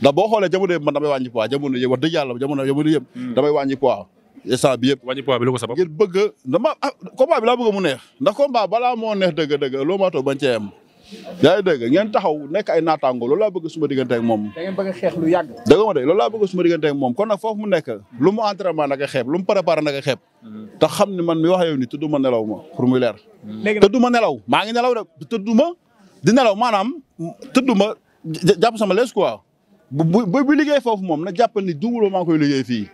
ndax boo xoolee jamono yëpp man damay wàññi poids jamono yëpp wax dëgg yàlla jamono jamono yëpp damay wàññi yëpp wàññi poids bi lu ko sabab ngir bëgg dama ah, combat bi laa bëgg mu neex ndax combat balaa moo neex dëgg dëgg loo matoo bañ cee am yaa ngi dégg ngeen taxaw nekk ay naataango loolu laa bëgg suma diggante ak moom. da a xeex lu ma de loolu laa bëgg suma diggante ak moom kon nag foofu mu nekk lu mu entraînement naka xeeb lu mu préparé naka xeeb. Mm. te xam ni man mi wax yow ni tëddu ma nelaw ma pour muy leer. Mm. léegi ma nelaw maa ngi nelaw de tëddu jàpp sama lees quoi bu bu bu liggéey foofu moom na jàpp ni dugubu ma ngi koy liggéey fii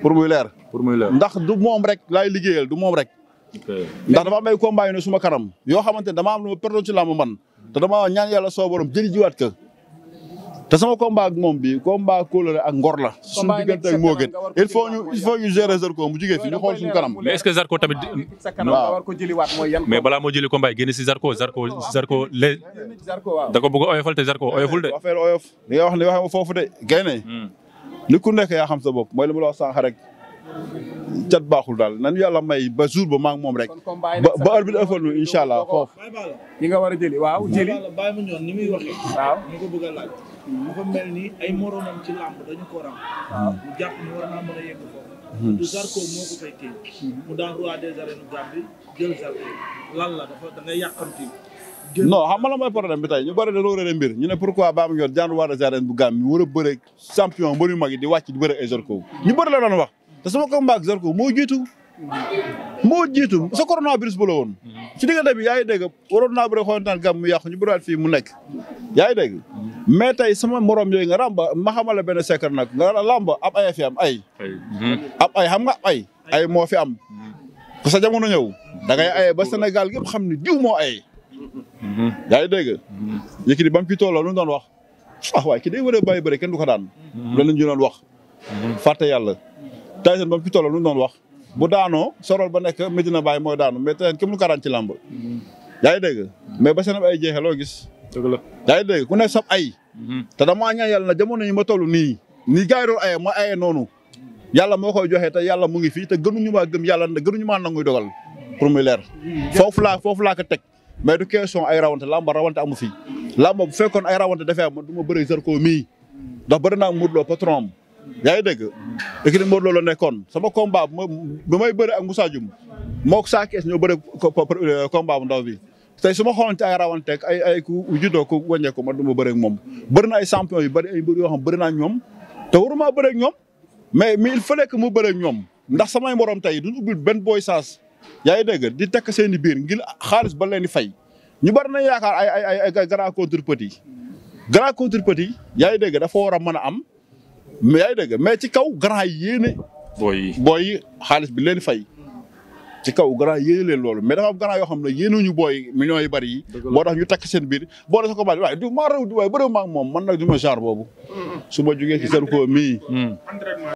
pour muy leer. pour muy leer ndax du moom rek laay liggéeyal du moom rek. ndax dafa am ay combat yu suma kanam yoo xamante ne dama am lu ma perdoon ci làmb man te dama ñaan yàlla soo borom jëli jiwaat ka te sama combat ak moom bi combat kóolóore ak ngor la. suñu diggante ak moo gën il faut ñu il faut ñu gérer Zarko mu jugee fi ñu xool suñu kanam. mais est ce que Zarko moo jëli combat yi génn si Zarko Zarko Zarko les. da ko bëgg a oyofal te Zarko oyoful de. affaire oyof li nga wax foofu de. gaynde hmm. ni ku nekk yaa xam sa bopp mooy la ma la wax sànq rek. cat baaxul daal nan yàlla may ba jour ba maa moom rek. ba arbitre ëffal nu incha allah foofu. yi nga war a jëli waaw jëli. bàyyi ma ñoon ni muy waxee. waaw ko bëgg a laaj. mu ko mel ni ay moromam ci làmb dañu ko ram. waaw mu jàpp ni war naa mën a yegg foofu. Hmm. du Zarko moo daan roi des arènes Gambie da ngay yàqamti. non xam ñu bëri pour réeré mbir ñu ne pourquoi Baba Ndione daan bu Gambie war a bëre champion mag yi di wàcc di bëre ay Zarko ñu bari la doon wax te sama combat ak Zarko moo jiitu. moo jiitu sa coronavirus bu la woon. ci diggante bi yaa ngi dégg waroon naa bëri mu yàqu ñu bëriwaat fii mu nekk. yaa ngi dégg mais tey sama morom yooyu nga ràmba ma xamal la benn nag nga làmba ab fi am ay. ab ay nga ay ay moo fi am. ku sa jamono ñëw da ngay aye ba Sénégal yëpp xam ni diw moo ay yaa ngi dégg. Yékini ba mu ci wax ah, ki day war a bàyyi ko daan. loolu la ñu wax. fàtte yàlla. Tyson ba fi tolloo lu doon wax bu daanoo sorol ba nekk a Baye mooy daanu mais Tyson kenn mënu ko daan ci làmb yaa ngi dégg mais ba seen ay jeexee loo gis dëgg ku nekk sab ay mhm. te damaa ñaan yàlla na jamono yi ma toll nii nii gars yi doon aye ma aye noonu yàlla moo koy joxe ta yàlla mu ngi fi te gënuñu maa gëm yàlla gënuñu maa nanguy dogal pour muy leer foofu laa foofu laa ko teg ma du question ay rawante làmba rawante amu fii làmba bu fekkoon ay rawante dafee am man du ma bëri Zarko mii ndax bëri yaa ngi dégg écurie Modou Lo la nekkoon sama combat moom may bëre ak Moussa Dioum mook Sa Thiès ñoo bëre euh, combat bu ndaw bi tey su ma xoolante ay rawanteeg ay ay ku juddoo ku wàññeeku ma du ma bëre ak moom bëri na ay champion yu bëri ay mbër yoo bëri naa ñoom te waruma bëre ak ñoom mais mais il fallait que mu bëre ak ñoom ndax samay morom tey duñ ubbil benn booy saas yaa ngi dégg di tekk seen i biir ngir xaalis ba leen di fay ñu bëri na yaakaar ay ay ay grand contre a grand contre petit yaa ngi dégg dafa war a mën a am mais yaa dégg mais ci kaw grand yi yéene. booy booy yi xaalis bi leen fay. ci kaw grand yéene leen loolu mais dafa am yoo xam ne yéenewuñu booy millions yu bari yi. boo tax ñu takk seen biir boo def ko baal waaye du maa rew waaye moom man nag du ma genre boobu. su ma jugee si seen ko mii. Hmm.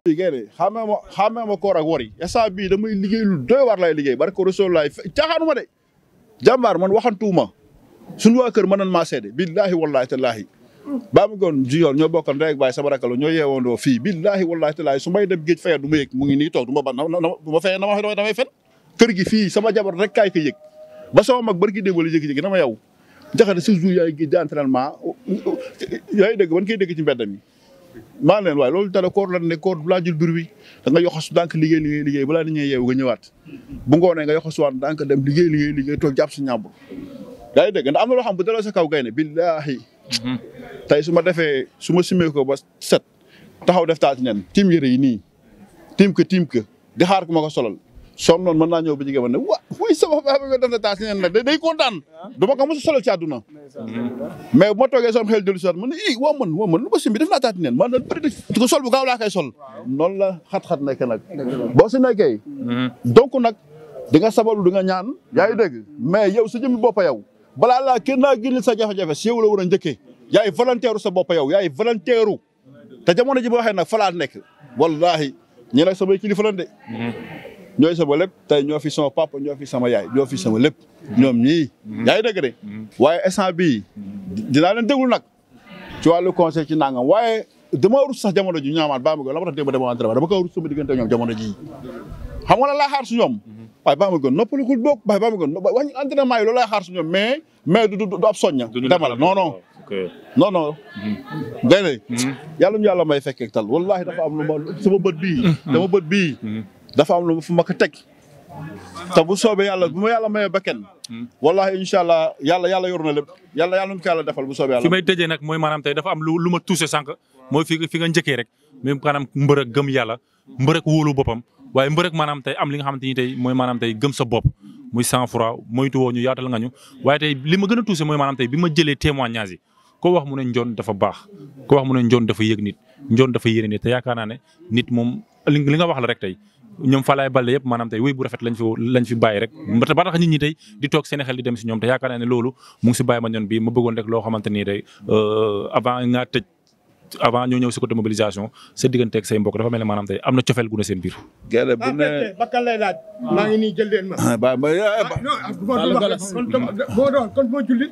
bii gën a xamee ma xamee ma koor ak bii damay liggéey lu doy war lay liggéey barke Rasuul laay caaxaanuma de jàmbaar man waxantuuma suñu waa kër mën nan maa seede billaahi wallaahi tallaahi Baba Ngone junior ñoo bokkoon rek waaye sama rakk la ñoo yeewandoo fii billaahi wallaahi taalaahi su may dem géej fayal du ma yëg mu ngi nii toog du ma ban bu ma fayee na ma damay fen kër gi fii sama jabar rek kaay ko yëg ba sama mag bërki démbali jékki-jékki dama yow jaxate chaque jour yaay géej di entraînement yaay dégg ban koy dégg ci mbedd loolu dara koor lan ne koor laa jul bir bi da nga yoxasu dànk liggéey liggéey liggéey balaa nit ñi yeewu nga ñëwaat bu ngoonee nga yoxasuwaat dànk dem liggéey liggéey liggéey toog jàpp si ñàmbur yaa ngi dégg ndax am na loo xam bu daloo sa kaw gaynde billaahi mhm. tey su ma defee su ma simee ko ba set taxaw def taal neen nen tiim yëre yi nii tiim ko tiim ko di xaar ku ma ko solal soom noonu ma naa ñëw ba jigéen ba ne wa nga def na taal ci nen nag day kontaan a solal ci àdduna mais bu ma toogee soom xel dellu si waat mu ne i woo man woo man lu ma simbi def naa taal ci nen man noonu bëri di sol bu gaaw laa koy sol noonu la xat-xat nekk nag boo si nekkee mm-hmm. donc nag di nga sabalu di nga ñaan yaa ngi dégg mm-hmm. mais yow sa jëmmi boppa yow balaa laa kenn naa génne sa jafe-jafe si yow la war a njëkkee yaay volontaire sa bopp yow yaay volontaire te jamono ji boo waxee nag falaat nekk wallahi ñi nag samay kilifa lan de mm-hmm. ñooy sama lép tey ñoo fi sama papa ñoo fi sama yaay ñoo fi sama lépp ñoom ñii mm-hmm. yaa ngi dëgg de mm-hmm. waaye instant bi dinaa leen déglu nag ci wàllu conseil ci nangam waaye dama rus sax jamono ji ñaamaat baa ma gën la ma tax démb dama entraînement dama ko rus sama diggante ñoom jamono ji xam nga laa xaar su ñoom waaye baa ma gën noppalikul boog waaye baa ma gën wàññi entraînement su ñoom mais mais du du ab soñña dama la non non non non. gaynde mhm. mhm. yàlla ñu yàlla may fekkee tal wallahi dafa am lu ma sama bët bii. Mhm. sama bët bii. dafa am lu ma fu ma ko teg. te bu soobee yàlla bu ma yàlla mayee ba kenn. wallahi incha allah yàlla yàlla yor na lépp yàlla yàlla mu ko yàlla defal bu soobee yàlla. may tëjee nag mooy maanaam tey dafa am lu lu ma touché sànq mooy fi nga njëkkee rek même maanaam mbër ak gëm yàlla mbër ak wóolu boppam waaye mbër ak maanaam tey am li nga xamante ni tey mooy maanaam tey gëm sa bop muy sang-froid moytu woo ñu yaatal nga ñu waaye a touché mooy maanaam tey ma jëlee témoignage ko wax mu a njoon dafa baax ko wax mu ne njoon dafa yëg nit njoon dafa yéene nit te yaakaar naa ne nit moom li nga wax la rek tey ñoom Falaye Baldé yëpp maanaam tey wéy bu rafet lañ fi lañ bàyyi rek ba tax nit ñi tey di toog seen xel di dem si ñoom te yaakaar naa ne loolu mu si bàyyi ma ñoon bi ma bëggoon rek loo xamante nii tey euh, avant nga tëj avant ñoo ñëw si côté mobilisation sa diggante ak dafa mel ne maanaam tey am na cofeel gu ne seen biir. gerte bu ah, ne lay laaj. maa ngi jël leen ma. Ah, ba ba ah, non kon moo jullit.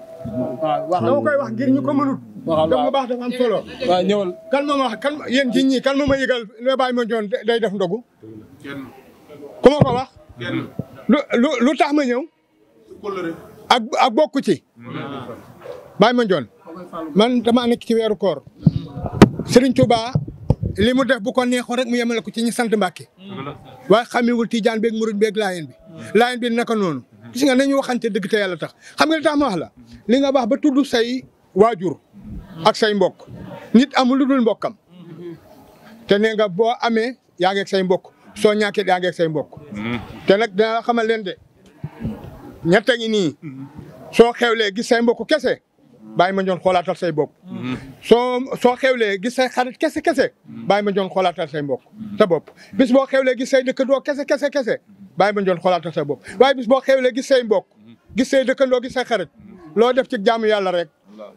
ko mënul. waaw baax dafa am solo. kan ma wax kan yéen ji ma ma yëgal ne bàyyi ma def ndogu. ku ma wax. lu lu tax ma ñëw. ak ak bokku ci. ma joon man dama nekk ci weeru koor. Serigne Touba li mu def bu ko neexoon rek mu yemale ko ci ñi sant Mbàkke waaye xamewul Tijaan beeg Murid beeg Laayeen bi Laayeen bi naka noonu gis nga nañu waxante dëgg te yàlla tax xam nga li tax ma wax la li nga wax ba tudd say waajur ak say mbokk nit amul lu dul mbokkam te nee nga boo amee yaa ngi ak say mbokk soo ñàkkee yaa ngi ak say mbokk te nag dina la leen de ñett a nii soo xewlee gis say mbokk kese bàyyi ma ñoon xoolaatal say bopp. soo soo lee gis say xarit kese kese bàyyi ma ñoon xoolaatal say mbokk sa bopp bis boo xewlee gis say dëkkandoo kese kese kese bàyyi ma ñoon xoolaatal say bop waaye bis boo lee gis say mbokk gis say dëkkandoo gis sa xarit loo def ci jaamu yàlla rek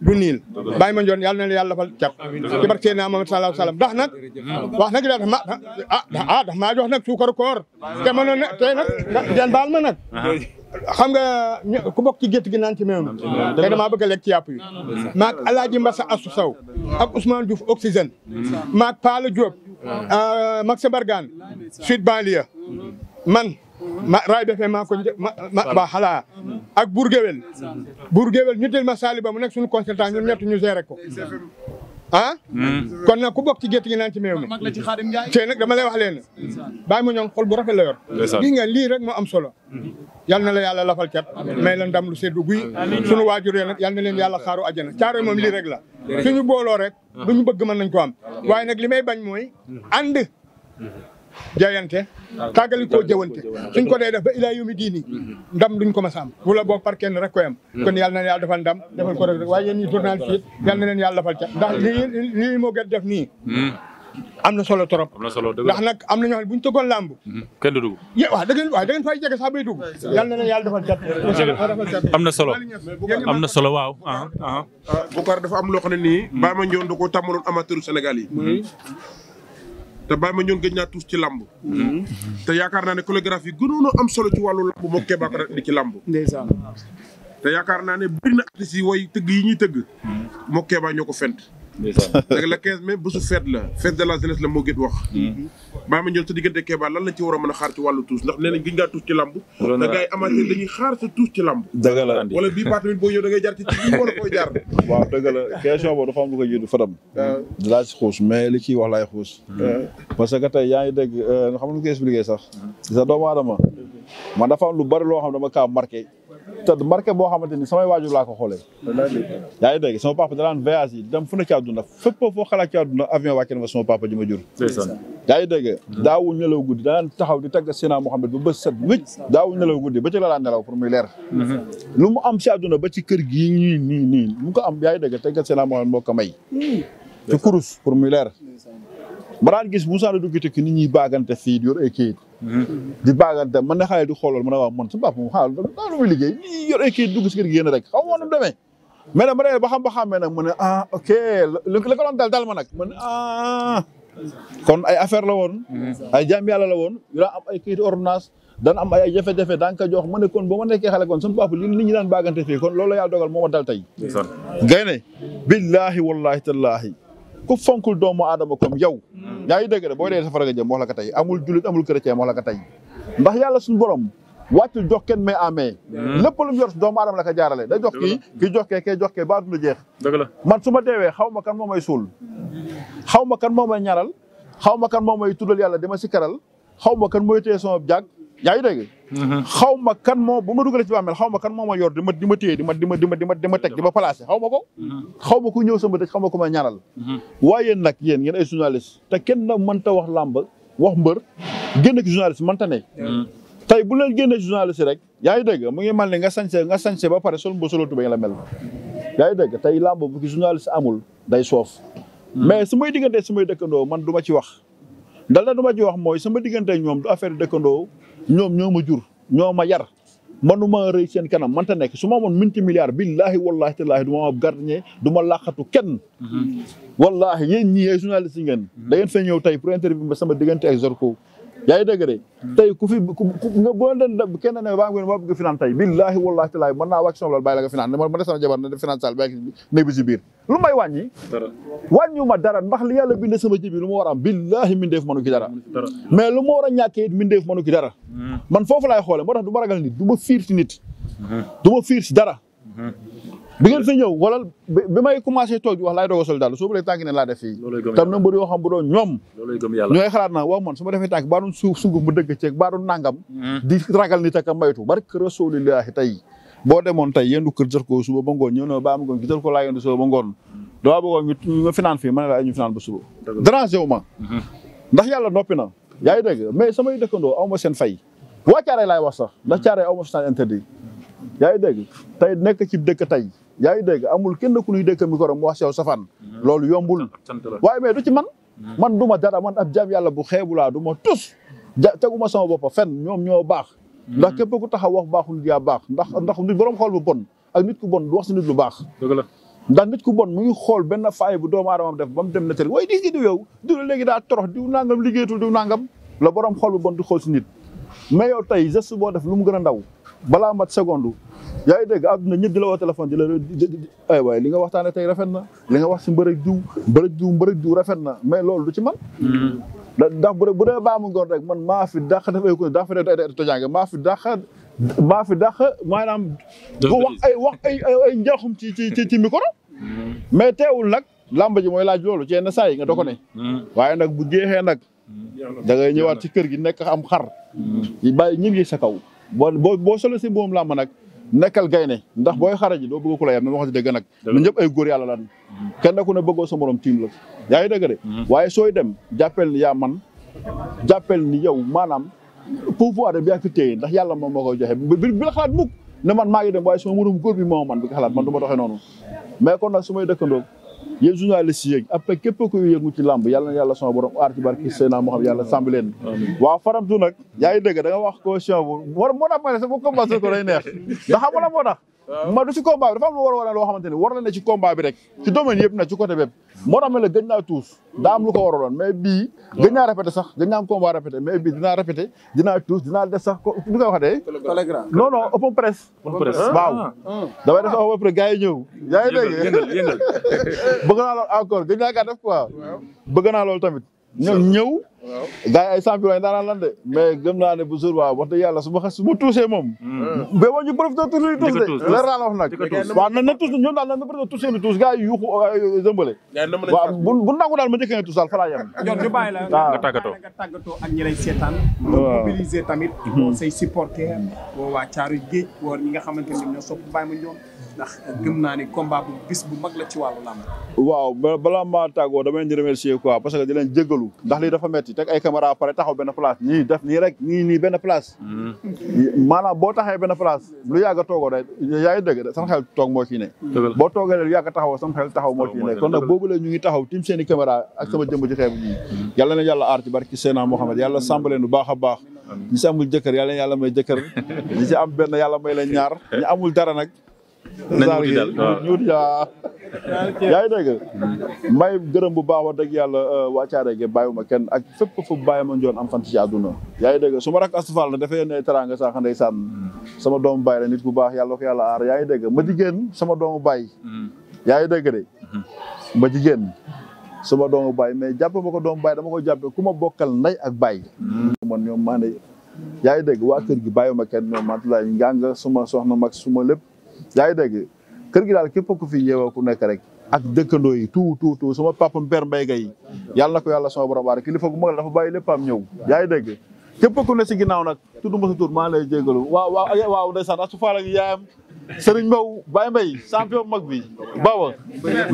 du niil bay ma njoon yàlla na la yàlla fal cap ci barke naa Muhammad sallallahu alayhi wasallam ndax nag wax nag daa ma ah ah daf maa jox nag suukaru koor te mënoon ne tey nag ngeen baal ma nag xam nga ku bokk ci gétt gi naan ci meew mi te damaa bëgg a lekk ci yàpp yi maag alaaji Mbassa Assou Sow ak Ousmane Diouf oxygène mm-hmm. maag Paala Diop euh, maag sa Bargane Sud Banlieue man ma raay befe maa ma ba xalaa ak Bour Guéweul Bour Guéweul ñu jël ma Saliba mu nekk suñu consultant ñun ñett ñu géré ko ah hmm. kon na ku bokk ci gétt gi naan ci meew mi tey na dama lay wax leen bàyyi ma ñoon xol bu rafet la yor gis nga lii rek moo am solo yal na la yàlla lafal cat may la ndam lu seddu guy suñu waajur yi nag yal na leen yàlla xaaru àjjana caaro moom lii rek la ñu booloo rek lu ñu bëgg mën nañ ko am waaye nag li may bañ mooy ànd jayante tàggali koo jëwante suñ ko dee def ba ilaa yumi diini ndam duñ ko mas a wala boog par kenn rek koy am kon yàlla na yàlla defal ndam defal ko rek rek waaye yéen ñi journaliste yi yàlla na leen yàlla defal ca def nii am na solo trop am solo dëgg ndax nag am na ñoo xam ne bu ñu tëggoon làmb kenn du dugg ye waaw da ngeen waaw da ngeen fay jege sax bay dugg yàlla na leen yàlla defal cat am na solo am na solo waaw a ah, ah. Boucar dafa am loo xam ne nii Baye ma da koo tàmmaloon amateur Sénégal yi hmm. te bàyyi ma ñoon gëj naa tuus ci làmb te yaakaar naa ne chorégraphe yi gënoon am solo ci wàllu làmb moo Keba ko di ci làmb ndeysaan te yaakaar naa ne bëri na artistes yi way tëgg yi ñuy tëgg moo Keba ñoo ko fent dëgg la quinze mai bésu fête la fête de la jeunesse la moo mm-hmm. lan lañ ci war a mën a xaar ci wàllu tuus ndax nee nañ gis ngaa tuus wala bii baa tamit a koy jaar waaw dëgg la question boobu dafa am xuus mais li ciy wax laay xuus parce que tey yaa ngi dégg euh, xam nga nu ko expliqué sax sa doomu aadama man a am lu bari loo xam dama kaa marqué te marqué boo xamante ni samay waajur laa ko xoolee yaa ngi dégg sama papa da daan voyage yi dem fu ne ci àdduna fépp foo xalaat ci àdduna avion wàcce na ma sama papa ji ma jur yaa ngi dégg daawul nelaw guddi da daan taxaw di tagg Sina Mohamed ba bës set wécc guddi ba ci la daan nelaw pour muy leer mhm. lu mu am ci àdduna ba ci kër gi nii nii nii mu ko am yaa ngi dégg tagg Sina moo ko may kurus pour muy leer ma daan gis Moussa na dugg ci nit ñuy baagante fii di yor Mm-hmm. di baagante man ne xale di xoolool mën a waaw man su baax moom xaal daa liggéey lii yor dugg si kër rek xaw ma nu demee mais ma ne ba xam ba xàmmee nag mu ne ah ok li ko doon dal dal ma nag ma ne ah kon ay affaire la woon mm-hmm. ay jàmm yàlla la woon yu daan am ay kayiti ordonnance daan am ay jafe-jafe daan ko jox ma ne kon ba ma nekkee xale kon sama li nit ñi daan baagante fii kon loolu la yàlla dogal moo ma dal tey gay ne billaahi wallaahi ku fonkul doomu aadama comme yow yaa ngi dégg de boo dee safara nga jëm wax la ko tey amul julit amul chrétien wax la ko tey ndax yàlla suñu borom wàccul jox ken mais amee hmm. lépp lu mu yor doomu aadama la ko jaarale da jox kii ki jox kee kee jox kee ba dund jeex dëgg la man su ma deewee xaw ma kan moo may suul xaw ma kan moo may ñaral xaw ma kan moo may tuddal yàlla dama si karal xaw ma kan mooy téye sama jàgg yaa ngi dégg mhm. xaw ma kan moo bu ma dugalee ci bàmmeel xaw ma kan moo ma yor di ma di ma téye di ma di ma di ma di ma di ma teg di ma placé xaw ko mhm. xawma ku ñëw sama dëj xaw ma ku ma ñaanal mhm. waaye nag yéen yéen ay journaliste te kenn na mënta wax làmb wax mbër génn ci journaliste mënta ne tey bu leen génne ci journaliste rek yaa ngi dégg mu ngi mal ni nga sañse nga sañse ba pare sol mbo solo tubéy la mel yaa ngi dégg tey làmb bu ki journaliste amul day soof mais su may diggante su may dëkkandoo man duma ma ci wax dal na du ma ci wax mooy sama diggante ñoom du affaire dëkkandoo ñoom ñoo ma jur ñoo ma yar manuma rëy seen kanam man ta nekk su ma amoon minti milliard billahi wallahi tallaahi du ma am gardien du ma laqatu kenn. Mhm. wallahi yéen ñii ay journaliste yi ngeen. Mhm. da ngeen fay ñëw tey pour interview ma sama diggante ak Zarko yaa ngi dégg de tey ku fi nga boo den kenn ne baa ngi moo bëgg billaahi wallaahi tallaahi mën naa wàcc sama loolu bàyyi la nga finaan ma des sama jabar na finaan sal bàyyi néeg bi si biir lu may wàññi wàññu ma dara ndax li a bind sama jibi lu ma war a billaahi mindeef ma war a ñàkkee it mindeef dara hmm. man foofu laay xoole du ma ragal nit du ma fiir nit hmm. du ma fiir dara hmm. bi ngeen fi ñëw wala bi may commencé toog di wax laay doog a sol daal su bëlee tànk ne laa def fii tam na mbër yoo xam bu doon ñoom ñooy xalaat naa waaw man su defee tànk baa doon suuf mu dëgg ceeg baa doon nàngam mm-hmm. di ragal ni taka maytu barke rasulillahi tey boo demoon tey yendu kër jël ko suba ba ngoon ñëw na ba am ngoon gi jël ko laa yendu suba ba ngoon dama bëggoon ñu nga finaan fii ma ne laa ñu finaan ba suba dérangé ma mm-hmm. ndax yàlla noppi na yaa ngi dégg mais samay dëkkandoo aw ma seen fay waa caaree laay wax sax ndax caaree aw ma finaan interdit yaa ngi dégg tey nekk ci dëkk tey yaa ngi dégg amul kenn ku ñuy dëkk micro mu wax sew safaan mm-hmm. loolu yombul waaye mais du ci man mm-hmm. man du ma dara man ab jaam yàlla bu xeebula laa du ma tus ja teguma sama boppa fen ñoom ñoo baax mm-hmm. ndax képp ku taxaw wax baaxul yaa baax ndax ndax nit borom xool bu bon ak nit ku bon du wax si nit lu baax ndax nit ku bon mu ngi xool benn faay bu doomu aadamam def ba mu dem na tëri waaye di diw yow diw la léegi daa torox diw nangam liggéeyatul diw nangam la borom xool bu bon di xool si nit mais yow tey geste boo def lu mu gën a ndaw balaa mat seconde yaa ngi dégg am na di la woo téléphone di la ay waay li waxtaan waxtaanee tey rafet na li nga wax si mbërëg diw mbërëg diw mbërëg diw rafet na mais loolu du ci man hmm. ndax bu bu dee baamu ngoon rek man maa fi dàq dafay ko daa fa def tojaange maa fi dàq maa fi dàq maanaam bu wax ay wax ay ay njaaxum ci ci ci micro hmm. mais teewul nag làmb ji mooy laaj loolu ci yenn saa yi nga doko ne hmm. waaye nag bu jeexee nag da ngay ñëwaat ci kër gi nekk am xar bàyyi ñi ngi sa kaw boo boo boo solo si moom làmb nag nekkal gaynde ndax booy xaraji doo bëgg ku la yem na ma wax dëgg nag ñun ñëpp ay góor yàlla lan kenn ku ne bëggoo sa morom tiim la yaa ngi dëgg de mm-hmm. waaye sooy dem jàppel ni yaa man jàppel ni yow maanaam pouvoir bi yaa fi téye ndax yàlla moom moo koy joxe bi bi la xalaat mukk ne man maa ngi dem waaye sama morom góor bi moo man bi nga xalaat man du ma doxee noonu mais kon nag su may dëkkandoo yéen journalistes yi après képp kuy yëngu ci làmb yàlla na yàlla sama borom aar ci barki Seydina Muhammad yàlla sàmm leen waaw faramtu nag yaa ngi dëgg da nga wax question bu war moo tax ma ne sa bu commencé ko day neex ndax xam nga moo tax ma du si combat bi dafa am lu war a waral loo xamante ne war na ne ci combat rek ci domaine yëpp nag ci côté bépp moo tax ma la gën naa tuus daa am lu ko mais bii gën naa répété sax gën naa am combat répété mais bi dinaa répété dinaa tuus dinaa def sax ko koy waxatee non non open press waaw ah, ah. damay def open press gars yi ñëw yaa ngi dégg bëgg naa loolu encore gën naa kaa def quoi bëgg naa loolu tamit ñëw ñëw gars yi ay champion yi daanaan de mais gëm naa ne bu jour waaw wax dëgg yàlla su ma xas su ma tuusee moom bé hmm. boo ñu profité tuus li tuus de leer nag waaw na na tuus ñoom daal na profité tuusee tuus gars yi yuuxu zëmbale waaw bu nangu daal ma njëkkee ne tuus daal fa laa yem jon ñu la nga tàggatoo nga tàggatoo ak ñi lay seetaan mobiliser tamit hmm. si supporter woo waa caaru géej woo ñi nga xamante ne ñoo sopp Baye ndax naa ni combat bu mag la ci wàllu làmb. waaw balaa maa tàggoo dama leen di remercier quoi parce que di leen jégalu ndax lii dafa metti teg ay caméra pare taxaw benn place ñii def nii rek ñii nii benn place. Mm-hmm. maanaam boo taxee benn place lu yàgg toogoo day yaa ngi dégg sama toog moo ciy boo toogee yàgg a taxaw sama xel taxaw boobu la ñu ngi taxaw tim seen i caméra ak sama mm-hmm. yàlla na yàlla aar ci barki Seydina Muhammad yàlla sàmm leen bu baax a baax. ñi si amul jëkkër yàlla yàlla may jëkkër ñi si am benn yàlla may leen ñaar ñi amul dara nag nañ wuti dal ngi dégg may gërëm bu baax wax dëgg yàlla euh, waa Thiaré gi bàyyiwuma kenn ak fépp fu bàyyi ma am fan ci àdduna yaa ngi dégg su ma rak astafal na dafay ne teraanga sax ndeysaan sama doomu baay la nit bu baax yàlla ko yàlla ngi dégg ma jigéen sama doomu baay mm-hmm. yaa ngi dégg de mm-hmm. ma jigéen doomu baay mais jàpp ma ko doomu baay dama ko jàppe ku ma bokkal nday ak baay mm-hmm. man maa yaa ngi dégg waa kër gi bàyyiwuma kenn ñoom matulaay nga suma soxna mag suma lépp yaa ngi dégg kër gi daal képp ku fi yeewoo ku nekk rek ak dëkkandoo yi tout tu tout sama papa Mper Mbaye Gaye yàlla na ko yàlla sama borom baal kilifa gu mag la dafa bàyyi léppam ñëw yaa ngi dégg képp ku ne si ginnaaw nag tudd ma sa maa lay jégalu waaw waaw waaw ndeysaan a faal ak yaayam sëriñ Mbow Baye Mbaye champion mag bi baba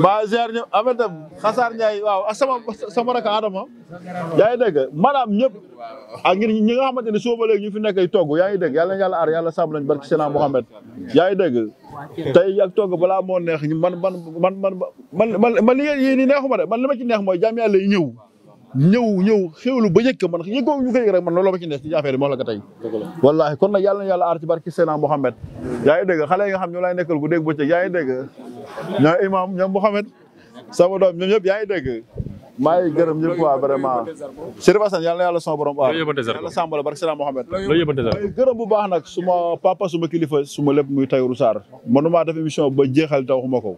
ba ziar ñëpp Ameth Deme xasaar Ndiaye waaw ak sama sama rakk Adama ngi dégg maanaam ñëpp ak ngir ñi nga xamante ne suba ñu fi nekk ay togg yaa ngi dégg yàlla yàlla a yàlla sàmm nañ barki Seydina Mohamed yaa ngi dégg tey ak togg balaa moo neex man man man man man man li ngeen i nii neexuma de man li ma ci neex mooy jàmm yàlla ñëw ñëw ñëw xéwlu ba yëkk man ñu ko ñu rek man loolu ma ci nekk ci affaire bi moo ko tey wallaahi kon nag yàlla na yàlla aar ci barki Seydina Mohamed yaa ngi dégg xale yi nga xam ñu lay nekkal bu dégg bëccëg yaa ñoo imam ñoom Mohamed sama doom ñoom ñëpp yaa ngi dégg maa ngi gërëm ñëpp waa vraiment Serigne Assane yàlla na yàlla sama borom waa yàlla sàmbala barki Seydina Mohamed gërëm bu baax nag suma papa suma kilifa suma lépp muy Tahirou Sarr mënumaa def mission ba jeexal taw xuma ko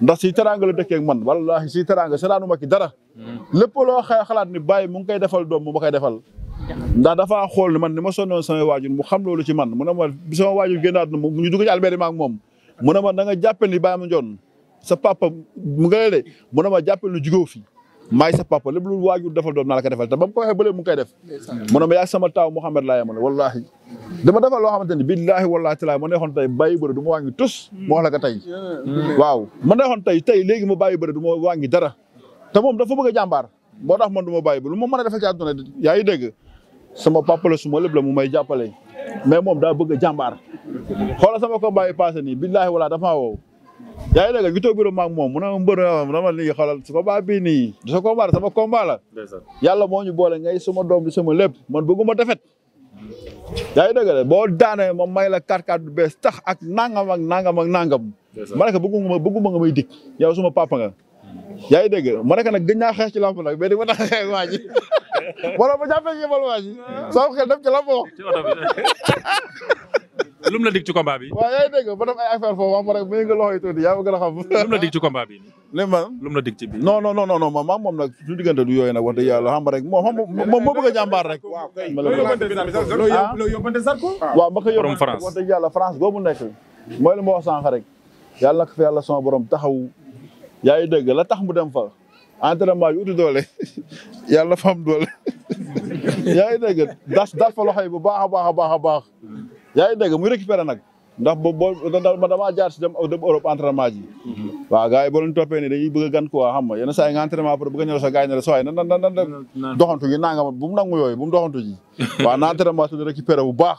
ndax si teraanga la dëkkee ak man wallaahi si teraanga seetaanu ma ci dara. Hmm. lépp loo xay xalaat ni bàyyi mu ngi koy defal doom mu ma koy defal. ndax dafaa xool ni man ni ma sonnoon samay waajur mu xam loolu ci man mu ne ma bi sama waajur génnaat mu ñu dugg ci albert yi ma ak moom. mu ne ma da nga ni bàyyi ma njoon sa papa mu ngi lay de mu na ma jàppale lu jugoo fi maay sa papa lépp lu waajur defal doom naa la ko defal te ba mu ko waxee ba léegi mu ngi koy def mu ne ma yaa sama taaw Mouhamed laa yemal wallaahi dama defal loo xamante ni billaahi wallaahi taalaa ma neexoon tey bàyyi bëri du ma wàññi tus tey waaw ma neexoon tey tey léegi ma bàyyi bëri du ma wàññi dara te moom dafa bëgg a jàmbaar moo tax man du ma bàyyi ba lu ma mën a defal ci àdduna yaa ngi dégg sama papa suma lépp la mu may jàppale mais moom daa bëgg a jàmbaar xoolal sama combat yi passé nii billaahi wallaahi dafa ma woow yaa ngi dégg Vito mun maag moom mu a ma mbër dama lii xoolal su combat bii nii du sa combat sama combat la yàlla moo ñu boole ngay suma doom di sama lépp man ma defet yaa ngi dégg de boo daanee ma may la carte carte bu bees tax ak nangam ak nangam ak nangam ma ne ko bëgguma bëgguma nga may dikk yow suma papa nga yaa ngi dégg ma ne ko nag gën naa xeex ci lamb nag mais di ma tax a xeex waa ji wala ma jàppee yëbal waa ji ah. sama xel dem ci lamb lu mu la dig ci bi. waaw yaa ngi dégg ba def ay affaire foofu ma rek mu nga loxo yi tuuti yaa ma gën a xam. lu mu la dig ci moom nag suñu diggante du yooyu nag wax dëgg yàlla xam rek moom moom moo bëgg a jàmbaar rek. waaw kay loolu ah. yàlla France boobu nekk mooy li ma wax ko fi yàlla sama borom taxaw yaa ngi dégg la tax mu dem fa entraînement yi uti doole yàlla fa am doole yaa ngi dégg das das fa loxo yi bu baax baax a baax a baax yaa ngi dégg muy récupéré nag ndax boobu boo damaa jaar si dem dem Europe entraînement ji. Mhm. waaw yi boo leen toppee nii dañuy a gan quoi xam nga yenn saa yi nga entraînement après bëgg a ñëw sa gars yi ne la sa waay nan nan nan doxantu gi naa nga ma bu mu nangu yooyu ji. waaw na entraînement su récupéré bu baax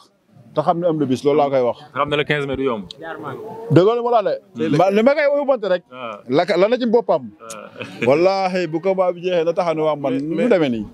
te xam ne am na bis loolu laa koy wax. xam ne le 15 ma la de. li ma koy rek. Ah. la la boppam. Ah. wallaahi bu ko baa bi jeexee na taxaw ne waa man mu demee nii.